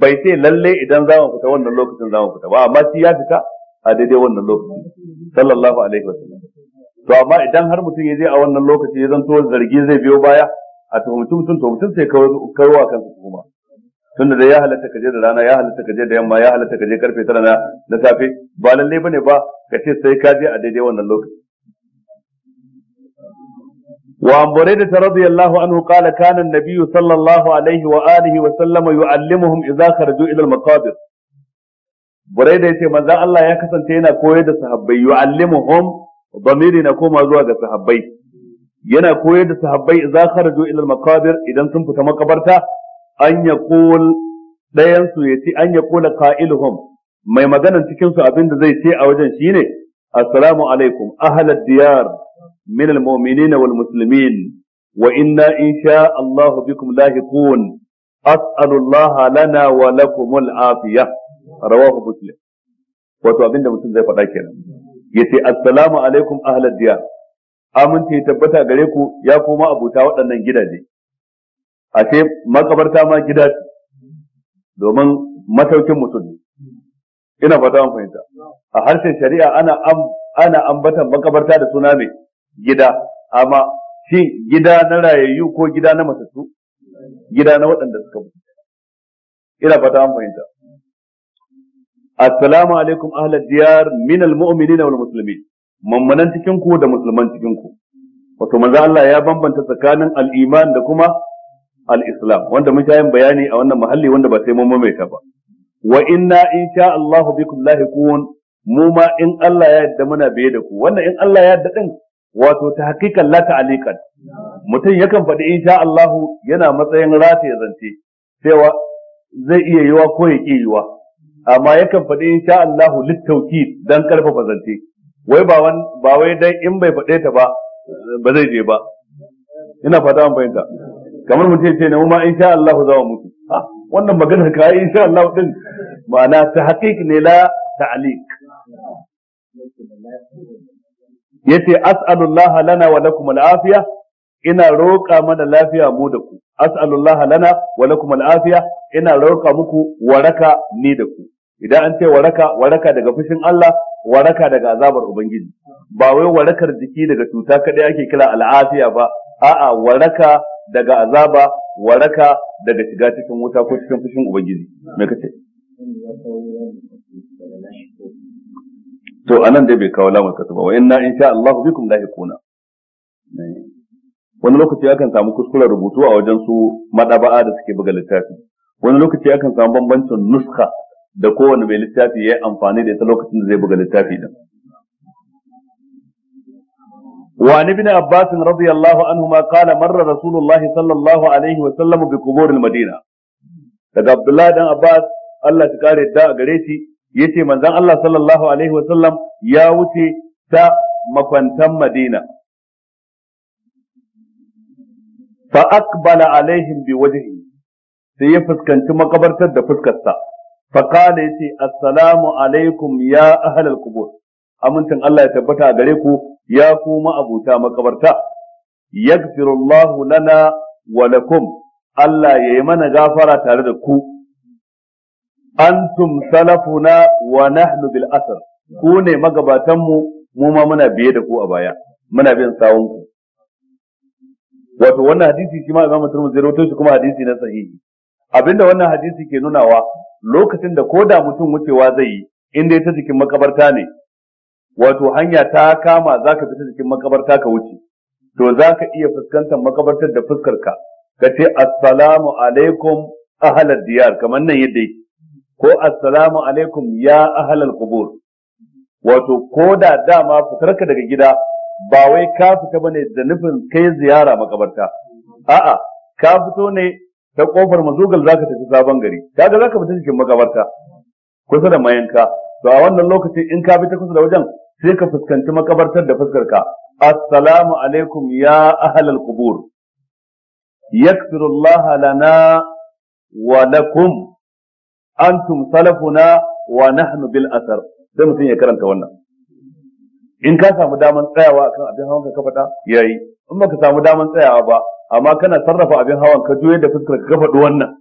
bai ce lalle idan zamu fita wannan lokacin zamu fita ba amma shi ya fita a daidai wannan lokacin sallallahu alaihi wasallam to amma idan har mutum ya je a wannan lokaci ya zanto zargi zai biyo baya a tuhumci mutum to mutum sai kawai kawai kansa kuma tunda da ya halatta ka je da rana ya halatta ka je da yamma ya halatta ka je karfe tara na safe ba lalle bane ba ka ce sai ka je a daidai wannan lokaci wa an buraida radiyallahu anhu qala kana an-nabiy sallallahu alaihi wa alihi wa sallama yu'allimuhum idza kharaju ila al-maqabir buraida yace manzon Allah ya kasance yana koyar da sahabbai yu'allimuhum dhamiri na koma zuwa ga sahabbai yana koyar da sahabbai idza kharaju ila al-maqabir idan sun fita makabarta an ya kul anya su yace an ya mai maganan cikinsu abinda abin da zai ce a wajen shine assalamu alaikum ahlad diyar min al mu'minina wal muslimin wa inna insha Allah bikum lahiqun as'alu Allah lana wa lakum al afiya rawahu muslim wato abin da mutum zai faɗa kenan yace assalamu alaikum ahlad diyar amince tabbata gare ku ya koma abuta waɗannan gidaje a ce makabarta ma gida ce domin mataukin mutum ina fata an fahimta a harshen shari'a ana ana ambatan makabarta da suna mai gida amma shi gida na rayayyu ko gida na matattu gida na waɗanda suka mutu ina fata an fahimta assalamu alaikum ahlal diyar min almu'minin wal muslimin mammanan cikin ku da musulman cikin ku wato manzo Allah ya bambanta tsakanin al-iman da kuma al-islam wanda mun sha yin bayani a wannan muhalli wanda ba sai mun mamaita ba wa inna insha Allahu bikum lahiqun mu ma in Allah ya yarda muna biye da ku wannan in Allah ya yarda din wato ta hakikan la ta'aliqan mutum yakan faɗi insha Allahu yana matsayin rata ya zance cewa zai iya yiwa ko ya ki yiwa amma yakan faɗi insha Allahu littauki dan karfafa zance wai ba ba wai dai in bai faɗe ta ba ba zai je ba ina fata an fahimta kamar mutum ce na ma insha Allah za mu mutu wannan maganar ka yi insha Allah din ma'ana ta haqiq ne la ta'liq yace as'alullaha lana wa lakum al'afiya ina roƙa mana lafiya mu da ku as'alullaha lana wa lakum al'afiya ina roƙa muku waraka ni da ku idan an ce waraka waraka daga fushin Allah waraka daga azabar ubangiji ba wai warakar jiki daga cuta kadai ake kira al'afiya ba a'a waraka daga azaba waraka daga shiga cikin wuta ko cikin fushin ubangiji me kace to anan dai bai kawo lamar kasa ba wa inna insha Allah bikum lahiquna wani lokaci akan samu kuskuren rubutu a wajen su madaba'a da suke buga littafi wani lokaci akan samu bambancin nuska da kowane mai littafi ya yi amfani da ita lokacin da zai buga littafi din Wani ابن عباس رضي الله عنهما قال مر رسول الله صلى daga Abdullahi dan Abbas Allah ta kare da gare shi yace manzon Allah sallallahu ya wuce ta makwantan Madina fa aqbala alaihim bi sai ya fuskanci makabartar da fuskarsa fa qala yace assalamu alaikum ya ahlal Kubur. amincin Allah ya tabbata a gare ku ya kuma abuta makabarta yaghfirullahu lana wa lakum Allah ya yi mana gafara tare da ku antum salafuna wa nahnu bil asr ku ne magabatan mu mu ma muna biye da ku a baya muna bin sawun ku wato wannan hadisi shi ma Imam Tirmidhi rawaito shi kuma hadisi na sahihi abinda wannan hadisi ke nunawa lokacin da koda mutum wucewa zai yi in dai ta jikin makabarta ne wato hanya ta kama za ka fita cikin makabarta ka wuce to za ka iya fuskantar makabartar da fuskar ka ka ce assalamu alaikum ahlal diyar kamar nan yadda yake ko assalamu alaikum ya ahlal kubur wato ko da dama fitar daga gida ba wai ka fita bane da nufin kai ziyara makabarta a'a ka fito ne ta kofar mazugal ka tafi sabon gari kaga ka fita cikin makabarta kusa da mayanka to a wannan lokacin in ka fita kusa da wajen sai ka fuskanci makabartar da fuskarka assalamu alaikum ya ahlal qubur yakfirullahu lana wa lakum antum salafuna wa nahnu bil athar sai mutum ya karanta wannan in ka samu daman tsayawa kan abin hawan ka faɗa yayi in baka samu daman tsayawa ba amma kana sarrafa abin hawan ka juye da fuskar ka faɗi wannan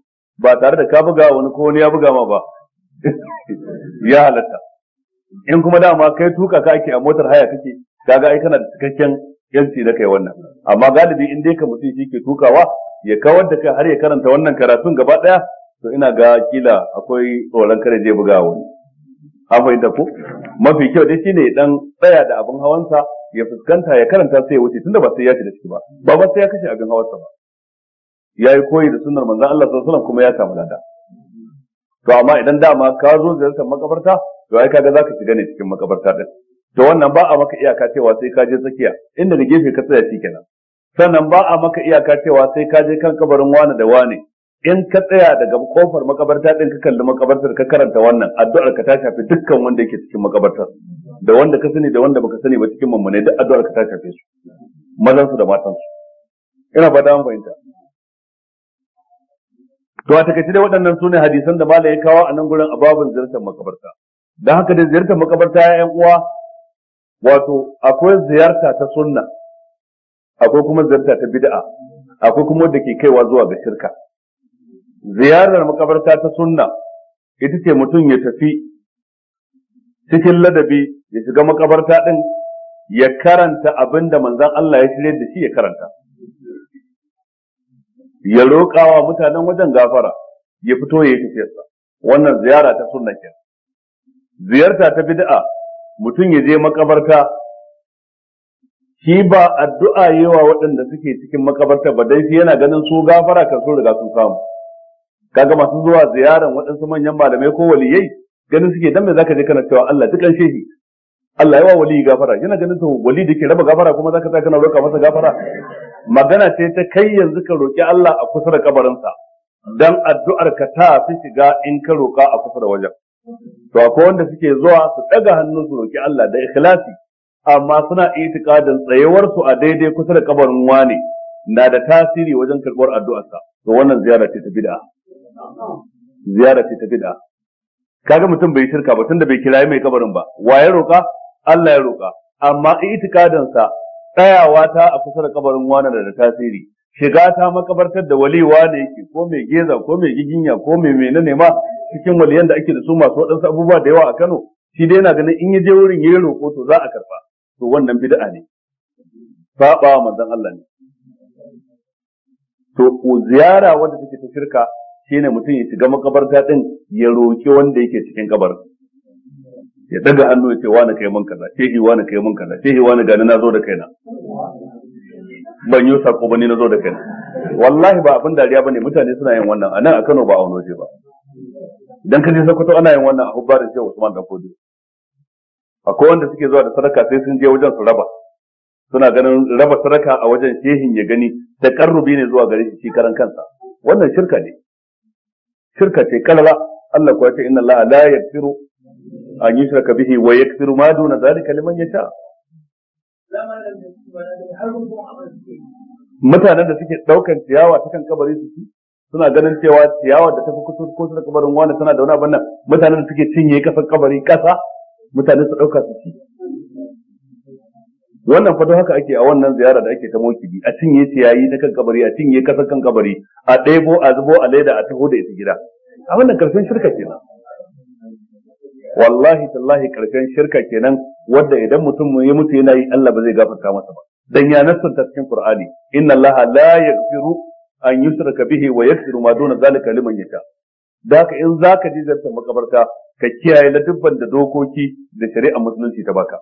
ba tare da ka buga wani ko wani ya buga ma ba ya halatta in kuma dama kai tuka ka ake a motar haya kake kaga ai kana da cikakken yanci da kai wannan amma galibi in dai ka mutum shi ke tukawa ya kawar da kai har ya karanta wannan karatun gaba daya to ina ga kila akwai tsoron kare zai buga wani an fahimta ko mafi kyau dai shine dan tsaya da abin hawansa ya fuskanta ya karanta sai ya wuce tunda ba sai ya shiga ciki ba ba ba sai ya kashe abin hawansa ba Ya yi koyi da sunnar manzon Allah sallallahu alaihi wasallam kuma ya samu lada to amma idan dama ka zo ziyartar makabarta to ai kaga zaka shiga ne cikin makabarta din to wannan ba a maka iyaka cewa sai ka je tsakiya inda da gefe ka tsaya shi kenan sannan ba a maka iyaka cewa sai ka je kan kabarin wani da wani in ka tsaya daga kofar makabarta din ka kalli makabartar ka karanta wannan addu'ar ka ta shafi dukkan wanda yake cikin makabartar da wanda ka sani da wanda baka sani ba cikin mamane duk addu'ar ka ta shafe su mazan su da matan su ina fata an fahimta to a takaice dai waɗannan sune hadisan da malai ya kawo a nan gurin ababun ziyartar makabarta don haka da ziyartar makabarta ya uwa wato akwai ziyarta ta sunna akwai kuma ziyarta ta bid'a akwai kuma wanda ke kaiwa zuwa ga shirka ziyarar makabarta ta sunna ita ce mutum ya tafi cikin ladabi ya shiga makabarta ɗin, ya karanta abin da manzon Allah ya shirya da shi ya karanta ya roƙawa mutanen wajen gafara ya fito ya yi tafiyarsa wannan ziyara ta sunna kenan ziyarta ta bid'a mutum ya je makabarta shi ba addu'a yawa waɗanda suke cikin makabarta ba dai shi yana ganin su gafara kan sun riga sun samu kaga masu zuwa ziyaran waɗansu manyan malamai ko waliyai ganin suke dan me zaka je kana cewa Allah duk an shehi Allah yawa wali gafara yana ganin to wali da ke raba gafara kuma zaka tsaya kana roƙa masa gafara magana ce ta kai yanzu ka roƙi Allah a kusa da kabarinsa dan addu'ar ka ta fi shiga in ka roƙa a kusa da wajen to akwai wanda suke zuwa su daga hannun su roki Allah da ikhlasi amma suna itikadin tsayewar su a daidai kusa da kabarin wane na da tasiri wajen karɓar addu'arsa to wannan ziyara ce ta bid'a ziyara ce ta bid'a kaga mutum bai shirka ba tunda bai kirayi mai kabarin ba wa ya roka Allah ya roka amma itikadin sa tsayawa ta a kusa da kabarin wane da tasiri shiga ta makabartar da waliwa ne yake ko mai geza ko mai giginya ko mai menene ma cikin waliyan da ake da su masu waɗansu abubuwa da yawa a Kano shi dai yana ganin in ya je wurin yayi roƙo to za a karba to wannan bid'a ne saba wa manzon Allah ne to ziyara wanda take ta shirka shine mutum ya shiga makabarta din ya roƙi wanda yake cikin kabar ya daga hannu ya ce wani kai mun kaza shehi wani kai mun kaza shehi wani gani na zo da kaina ban yi sako ba ni na zo da kai wallahi ba abin dariya bane mutane suna yin wannan anan a Kano ba a wano ba dan kaje Sokoto ana yin wannan a hubbarin Shehu Usman da Kodi akwai wanda suke zuwa da sadaka sai sun je wajen su raba suna ganin raba sadaka a wajen shehin ya gani da karrubi ne zuwa gare shi karan kansa wannan shirka ne shirka ce kalala Allah kuwa ce inna Allah la yaghfiru an yushraka bihi wa yaghfiru ma duna zalika liman yasha' mutanen da suke daukan ciyawa ta kan kabari su suna ganin cewa ciyawa da tafi kusur suna kabarin wani tana da wani abin nan mutanen da suke cinye kasar kabari kasa mutane su dauka su ci wannan fa haka ake a wannan ziyara da ake ta mokibi a cinye ciyayi ta kan kabari a cinye kasar kan kabari a ɗebo a zubo a leda a taho da ita gida a wannan karshen shirka kenan wallahi tallahi karshen shirka kenan wanda idan mutum ya mutu yana yi Allah ba zai gafarta masa ba dan ya nassanta cikin Qur'ani inna Allah la yaghfiru an yusraka bihi wa yaghfiru ma duna zalika liman yasha daka in zaka je zartar makabarta ka kiyaye na da dokoki da shari'ar musulunci ta baka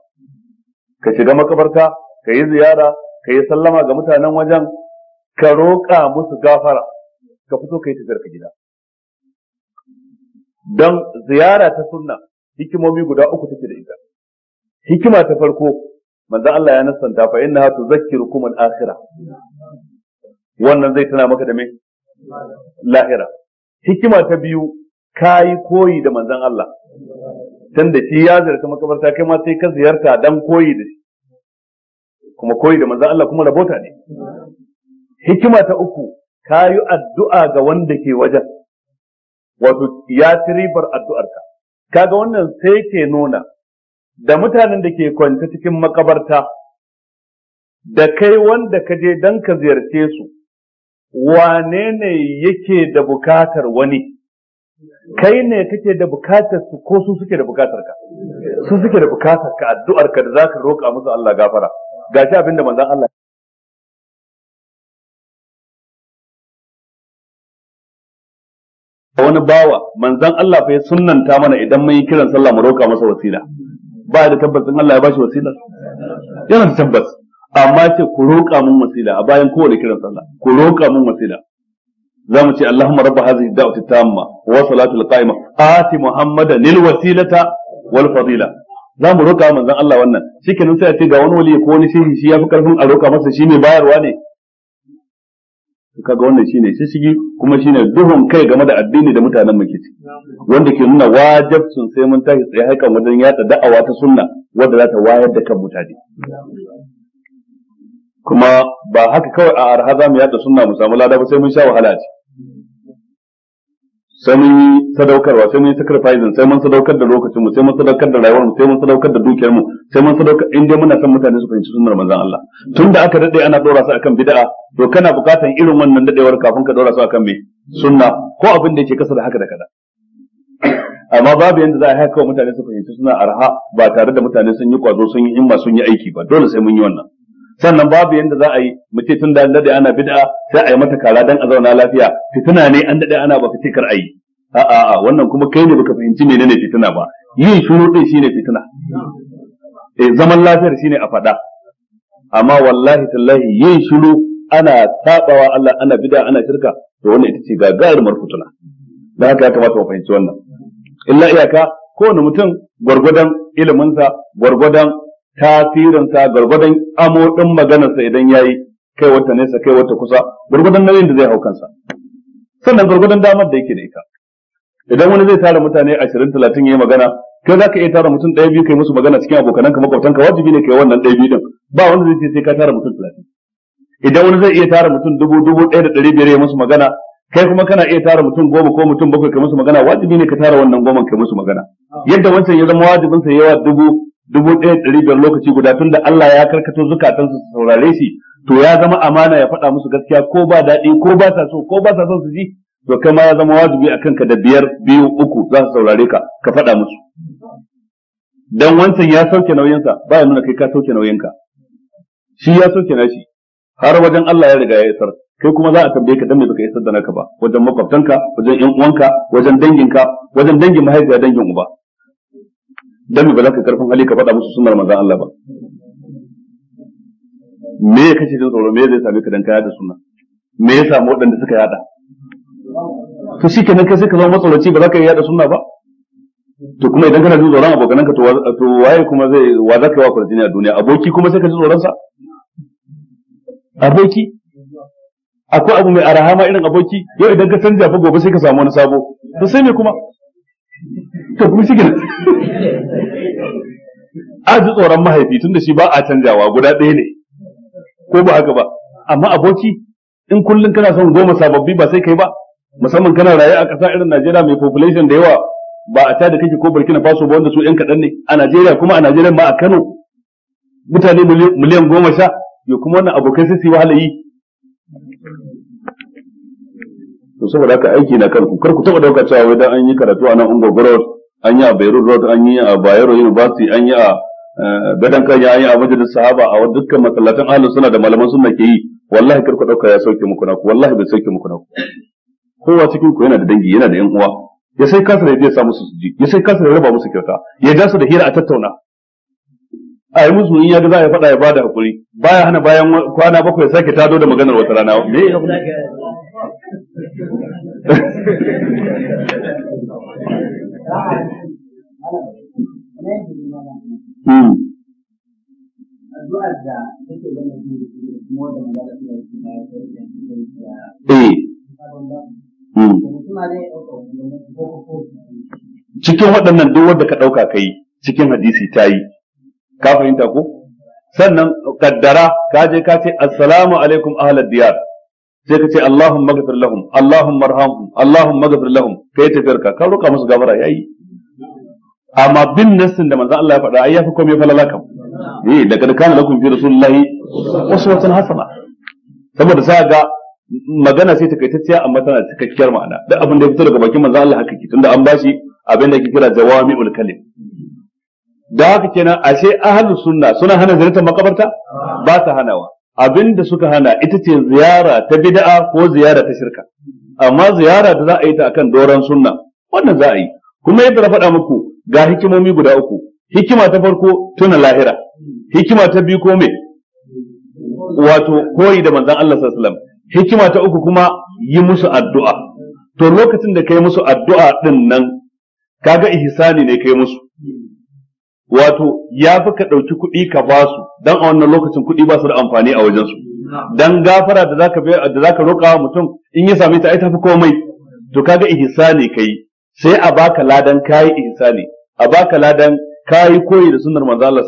ka shiga makabarta ka yi ziyara ka yi sallama ga mutanen wajen ka roƙa musu gafara ka fito ka yi tafiyar ka gida don ziyara ta sunna hikimomi guda uku take da ita hikima ta farko manzo Allah ya nasanta fa innaha tuzakkirukum al-akhirah wannan zai tana maka da me lahira hikima ta biyu kai koyi da manzon Allah tun da shi ya ziyarta makabarta kai ma sai ka ziyarta dan koyi da shi kuma koyi da manzon Allah kuma rabota ne hikima ta uku kayi addu'a ga wanda ke wajen wato ya ci ribar addu'arka kaga wannan sai ke nuna da mutanen da ke kwance cikin makabarta da kai wanda ka je don ka ziyarce su wane ne yake da bukatar wani kai ne kake da bukatar su ko su suke da bukatar ka su suke da bukatar ka addu'ar ka da ka roƙa musu Allah gafara gashi abinda manzon Allah bawa manzon Allah fa ya sunnanta mana idan mun yi kiran sallah mu roka masa wasila ba da tabbas in Allah ya bashi wasila yana da tabbas amma ce ku roka mun wasila a bayan kowane kiran sallah ku roka mun wasila za mu ce Allahumma rabba hadhihi da'wati tamma wa salatu al-qa'ima ati muhammada lil wasilata wal fadila za mu roka manzon Allah wannan shikenan sai a ce ga wani wali ko wani shehi shi yafi karfin a masa shi ne bayarwa ne kaga wannan shine shishigi kuma shine duhun kai game da addini da mutanen mu wanda ke nuna wajibcin sai mun tashi tsaye haikan wajen yada da'awa ta sunna wanda za ta wayar da kan mutane kuma ba haka kawai a arha za mu yada sunna mu samu lada ba sai mun sha wahala ce sai mun yi sadaukarwa sai mun yi sacrifice, sai mun sadaukar da lokacin mu sai mun sadaukar da rayuwar mu sai mun sadaukar da dukiyar mu sai mun sadaukar in dai muna son mutane su fahimci sunnar manzon Allah tunda aka dade ana dora su akan bid'a to kana bukatan irin wannan dadewar kafin ka dora su akan me sunna ko abin da yake kasa da haka da kada amma babu yanda za a haka mutane su fahimci suna arha ba tare da mutane sun yi kwazo sun yi himma sun yi aiki ba dole sai mun yi wannan sannan babu yanda za a yi mu ce tun da an dade ana bid'a sai a yi mata kara dan a zauna lafiya fitina ne an dade ana baka ce kar a yi a'a a wannan kuma kai ne baka fahimci menene fitina ba yin shuru din shine fitina eh zaman lafiyar shine a fada amma wallahi tallahi yin shuru ana tabawa Allah ana bid'a ana shirka to wannan ita ce gagarumar marfutuna dan haka ya kamata mu fahimci wannan illa iyaka kowane mutum gwargwadon iliminsa gwargwadon tasirinsa gwargwadon amo din maganarsa idan yayi kai wata nesa kai wata kusa gwargwadon nauyin da zai hau kansa sannan gwargwadon damar da yake da ita idan wani zai tara mutane 20 30 yayi magana kai zaka iya tara mutum ɗaya biyu kai musu magana cikin abokananka makwabtanka wajibi ne kai wannan ɗaya biyu din ba wanda zai ce sai ka tara mutum 30 idan wani zai iya tara mutum dubu dubu ɗaya da ɗari biyar ya musu magana kai kuma kana iya tara mutum goma ko mutum bakwai kai musu magana wajibi ne ka tara wannan goma kai musu magana yadda wancan ya zama wajibin sa yawa dubu dubu ɗaya ɗari biyar lokaci guda tun da Allah ya karkato zukatansu su saurare shi to ya zama amana ya faɗa musu gaskiya ko ba daɗi ko ba sa so ko ba sa son su ji to kai ma ya zama wajibi a kanka da biyar biyu uku za su saurare ka ka faɗa musu dan wancan ya sauke nauyinsa ba ya nuna kai ka sauke nauyinka shi ya sauke nashi har wajen Allah ya riga ya isar kai kuma za a tambaye ka dan me baka isar da naka ba wajen makwabtanka wajen yan uwanka wajen danginka wajen dangin mahaifiya dangin uba dan me ba za ka karfin hali ka faɗa musu sunnar manzon Allah ba me ya kace jin tsoro me zai same ka dan ka yada sunna me ya samu waɗanda suka yada to shi kenan kai sai ka zama matsalaci ba za ka yada sunna ba to kuma idan kana jin tsoron abokan ka to waye kuma zai wa za ka yi wa kwarjini a duniya aboki kuma sai ka ji tsoron sa aboki akwai abu mai arahama irin aboki yau idan ka canja fa gobe sai ka samu wani sabo to sai me kuma to kuma shi a ji tsoron mahaifi da shi ba a canjawa guda ɗaya ne ko ba haka ba amma aboki in kullum kana son goma sababbi ba sai kai ba musamman kana raye a ƙasa irin Najeriya mai population da yawa ba a tada kake ko Burkina Faso ba wanda su yan kaɗan ne a Najeriya kuma a Najeriya ma a Kano mutane miliyan goma sha ya kuma wannan abokai sai su yi wahala yi to saboda haka aiki na karku. kar ku taba dauka cewa wai dan an yi karatu a nan Ungwa Road an yi a Beirut Road an yi a Bayero University an yi a eh, gadan kan an yi a majalis sahaba a dukkan masallatan ahlus sunna da malaman sunna ke yi wallahi kar ku dauka ya sauke muku ku wallahi bai sauke muku ku kowa cikin ku yana da dangi yana da yan uwa ya sai kasa da ya sa musu suji ya sai kasa da raba musu kyauta ya ja su da hira a tattauna a yi musu in ya ga za a faɗa ya bada hakuri baya hana bayan kwana bakwai sake tado da maganar wata rana me cikin waɗannan duk wanda ka ɗauka ka yi cikin hadisi ta yi ka fahimta ko sannan kaddara ka je ka ce assalamu alaikum ahlad diyar sai ka ce Allahumma ghfir lahum Allahumma arhamhum Allahumma ghfir lahum kai tafiyar ka ka roka musu gafara yayi amma bin nassin da manzo Allah ya faɗa ai yafi komai falala kam eh da kad kana lakum fi rasulillahi uswatun hasana saboda sa ga magana sai takaitacciya amma tana cikakkiyar ma'ana duk abin da ya fito daga bakin manzo Allah haka ke tunda an bashi abin da ake kira jawami'ul kalim da haka kenan ashe ahlus sunna suna hana ziyartar makabarta ba ta hanawa abin da suka hana ita ce ziyara ta bid'a ko ziyara ta shirka amma ziyara da za a yi ta akan doron sunna wannan za a yi kuma yadda na faɗa muku ga hikimomi guda uku hikima ta farko tuna lahira hikima ta biyu ko me wato koyi da manzon Allah sallallahu alaihi wasallam hikima ta uku kuma yi musu addu'a to lokacin da kai musu addu'a din nan kaga ihsani ne kai musu wato ya fi ka ɗauki kuɗi ka ba su don a wannan lokacin kuɗi ba su da amfani a wajensu Don gafara da zaka da zaka roƙa mutum in ya same ta ai tafi komai to kaga ihsani kai sai a baka ladan kai ihsani a baka ladan kai koyi da sunnar manzo Allah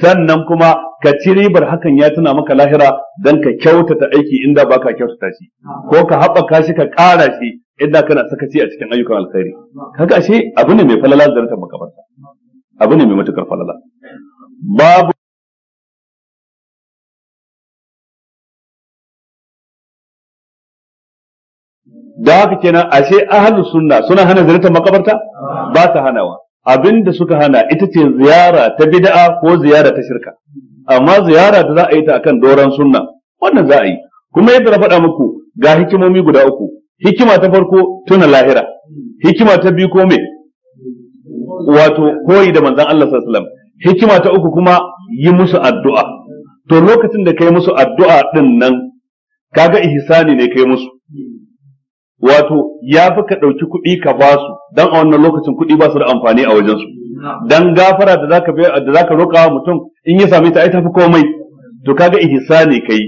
sannan kuma ka ci ribar hakan ya tuna maka lahira don ka kyautata aiki inda baka kyautata shi ko ka haɓaka shi ka ƙara shi inda kana sakaci a cikin ayyukan alkhairi kaga ashe abu ne mai falala da ta makabarta abu ne mai matukar falala babu da haka kenan ashe ahlus sunna suna hana ziyartar makabarta ba ta hanawa abinda suka hana ita ce ziyara ta bid'a ko ziyara ta shirka amma ziyara da za a yi ta akan doran sunna wannan za a yi kuma yadda na faɗa muku ga hikimomi guda uku hikima ta farko tuna lahira hikima ta biyu ko me wato koyi da manzon Allah sallallahu alaihi wasallam hikima ta uku kuma yi musu addu'a to lokacin da kai musu addu'a din nan kaga ihsani ne kai musu wato ya fi ka ɗauki kuɗi ka ba su don a wannan lokacin kuɗi ba su da amfani a wajensu don gafara da zaka da zaka roƙa mutum in ya same ta ai tafi komai to kaga ihsani kai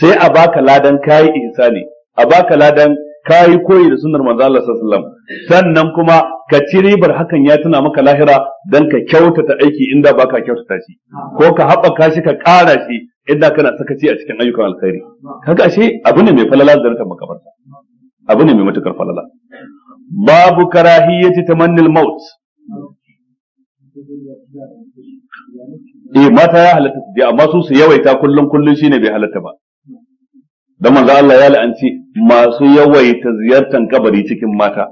sai a baka ladan kai ihsani a baka ladan ka yi koyi da sunnar manzo Allah sallallahu alaihi sannan kuma ka ci ribar hakan ya tuna maka lahira dan ka kyautata aiki inda baka kyautata shi ko ka haɓaka shi ka ƙara shi inda kana sakaci a cikin ayyukan alkhairi kaga ashe abu ne mai falala zarta makabarta abu ne mai matukar falala babu karahiyyati tamannil maut eh mata ya halatta su je amma su su yawaita kullun kullun shine bai halatta ba dan manzo Allah ya la'anci masu yawaita ziyartar kabari cikin mata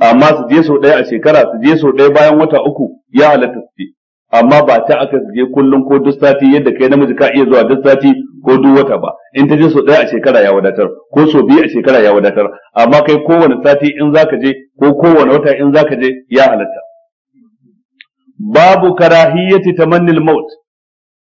amma su je sau ɗaya a shekara su je sau ɗaya bayan wata uku ya halatta su je amma ba ta aka su je kullum ko duk sati yadda kai namiji ka iya zuwa duk sati ko duk wata ba in ta je sau ɗaya a shekara ya wadatar ko sau biyu a shekara ya wadatar amma kai kowane sati in za ka je ko kowane wata in za ka je ya halatta babu karahiyati tamannil maut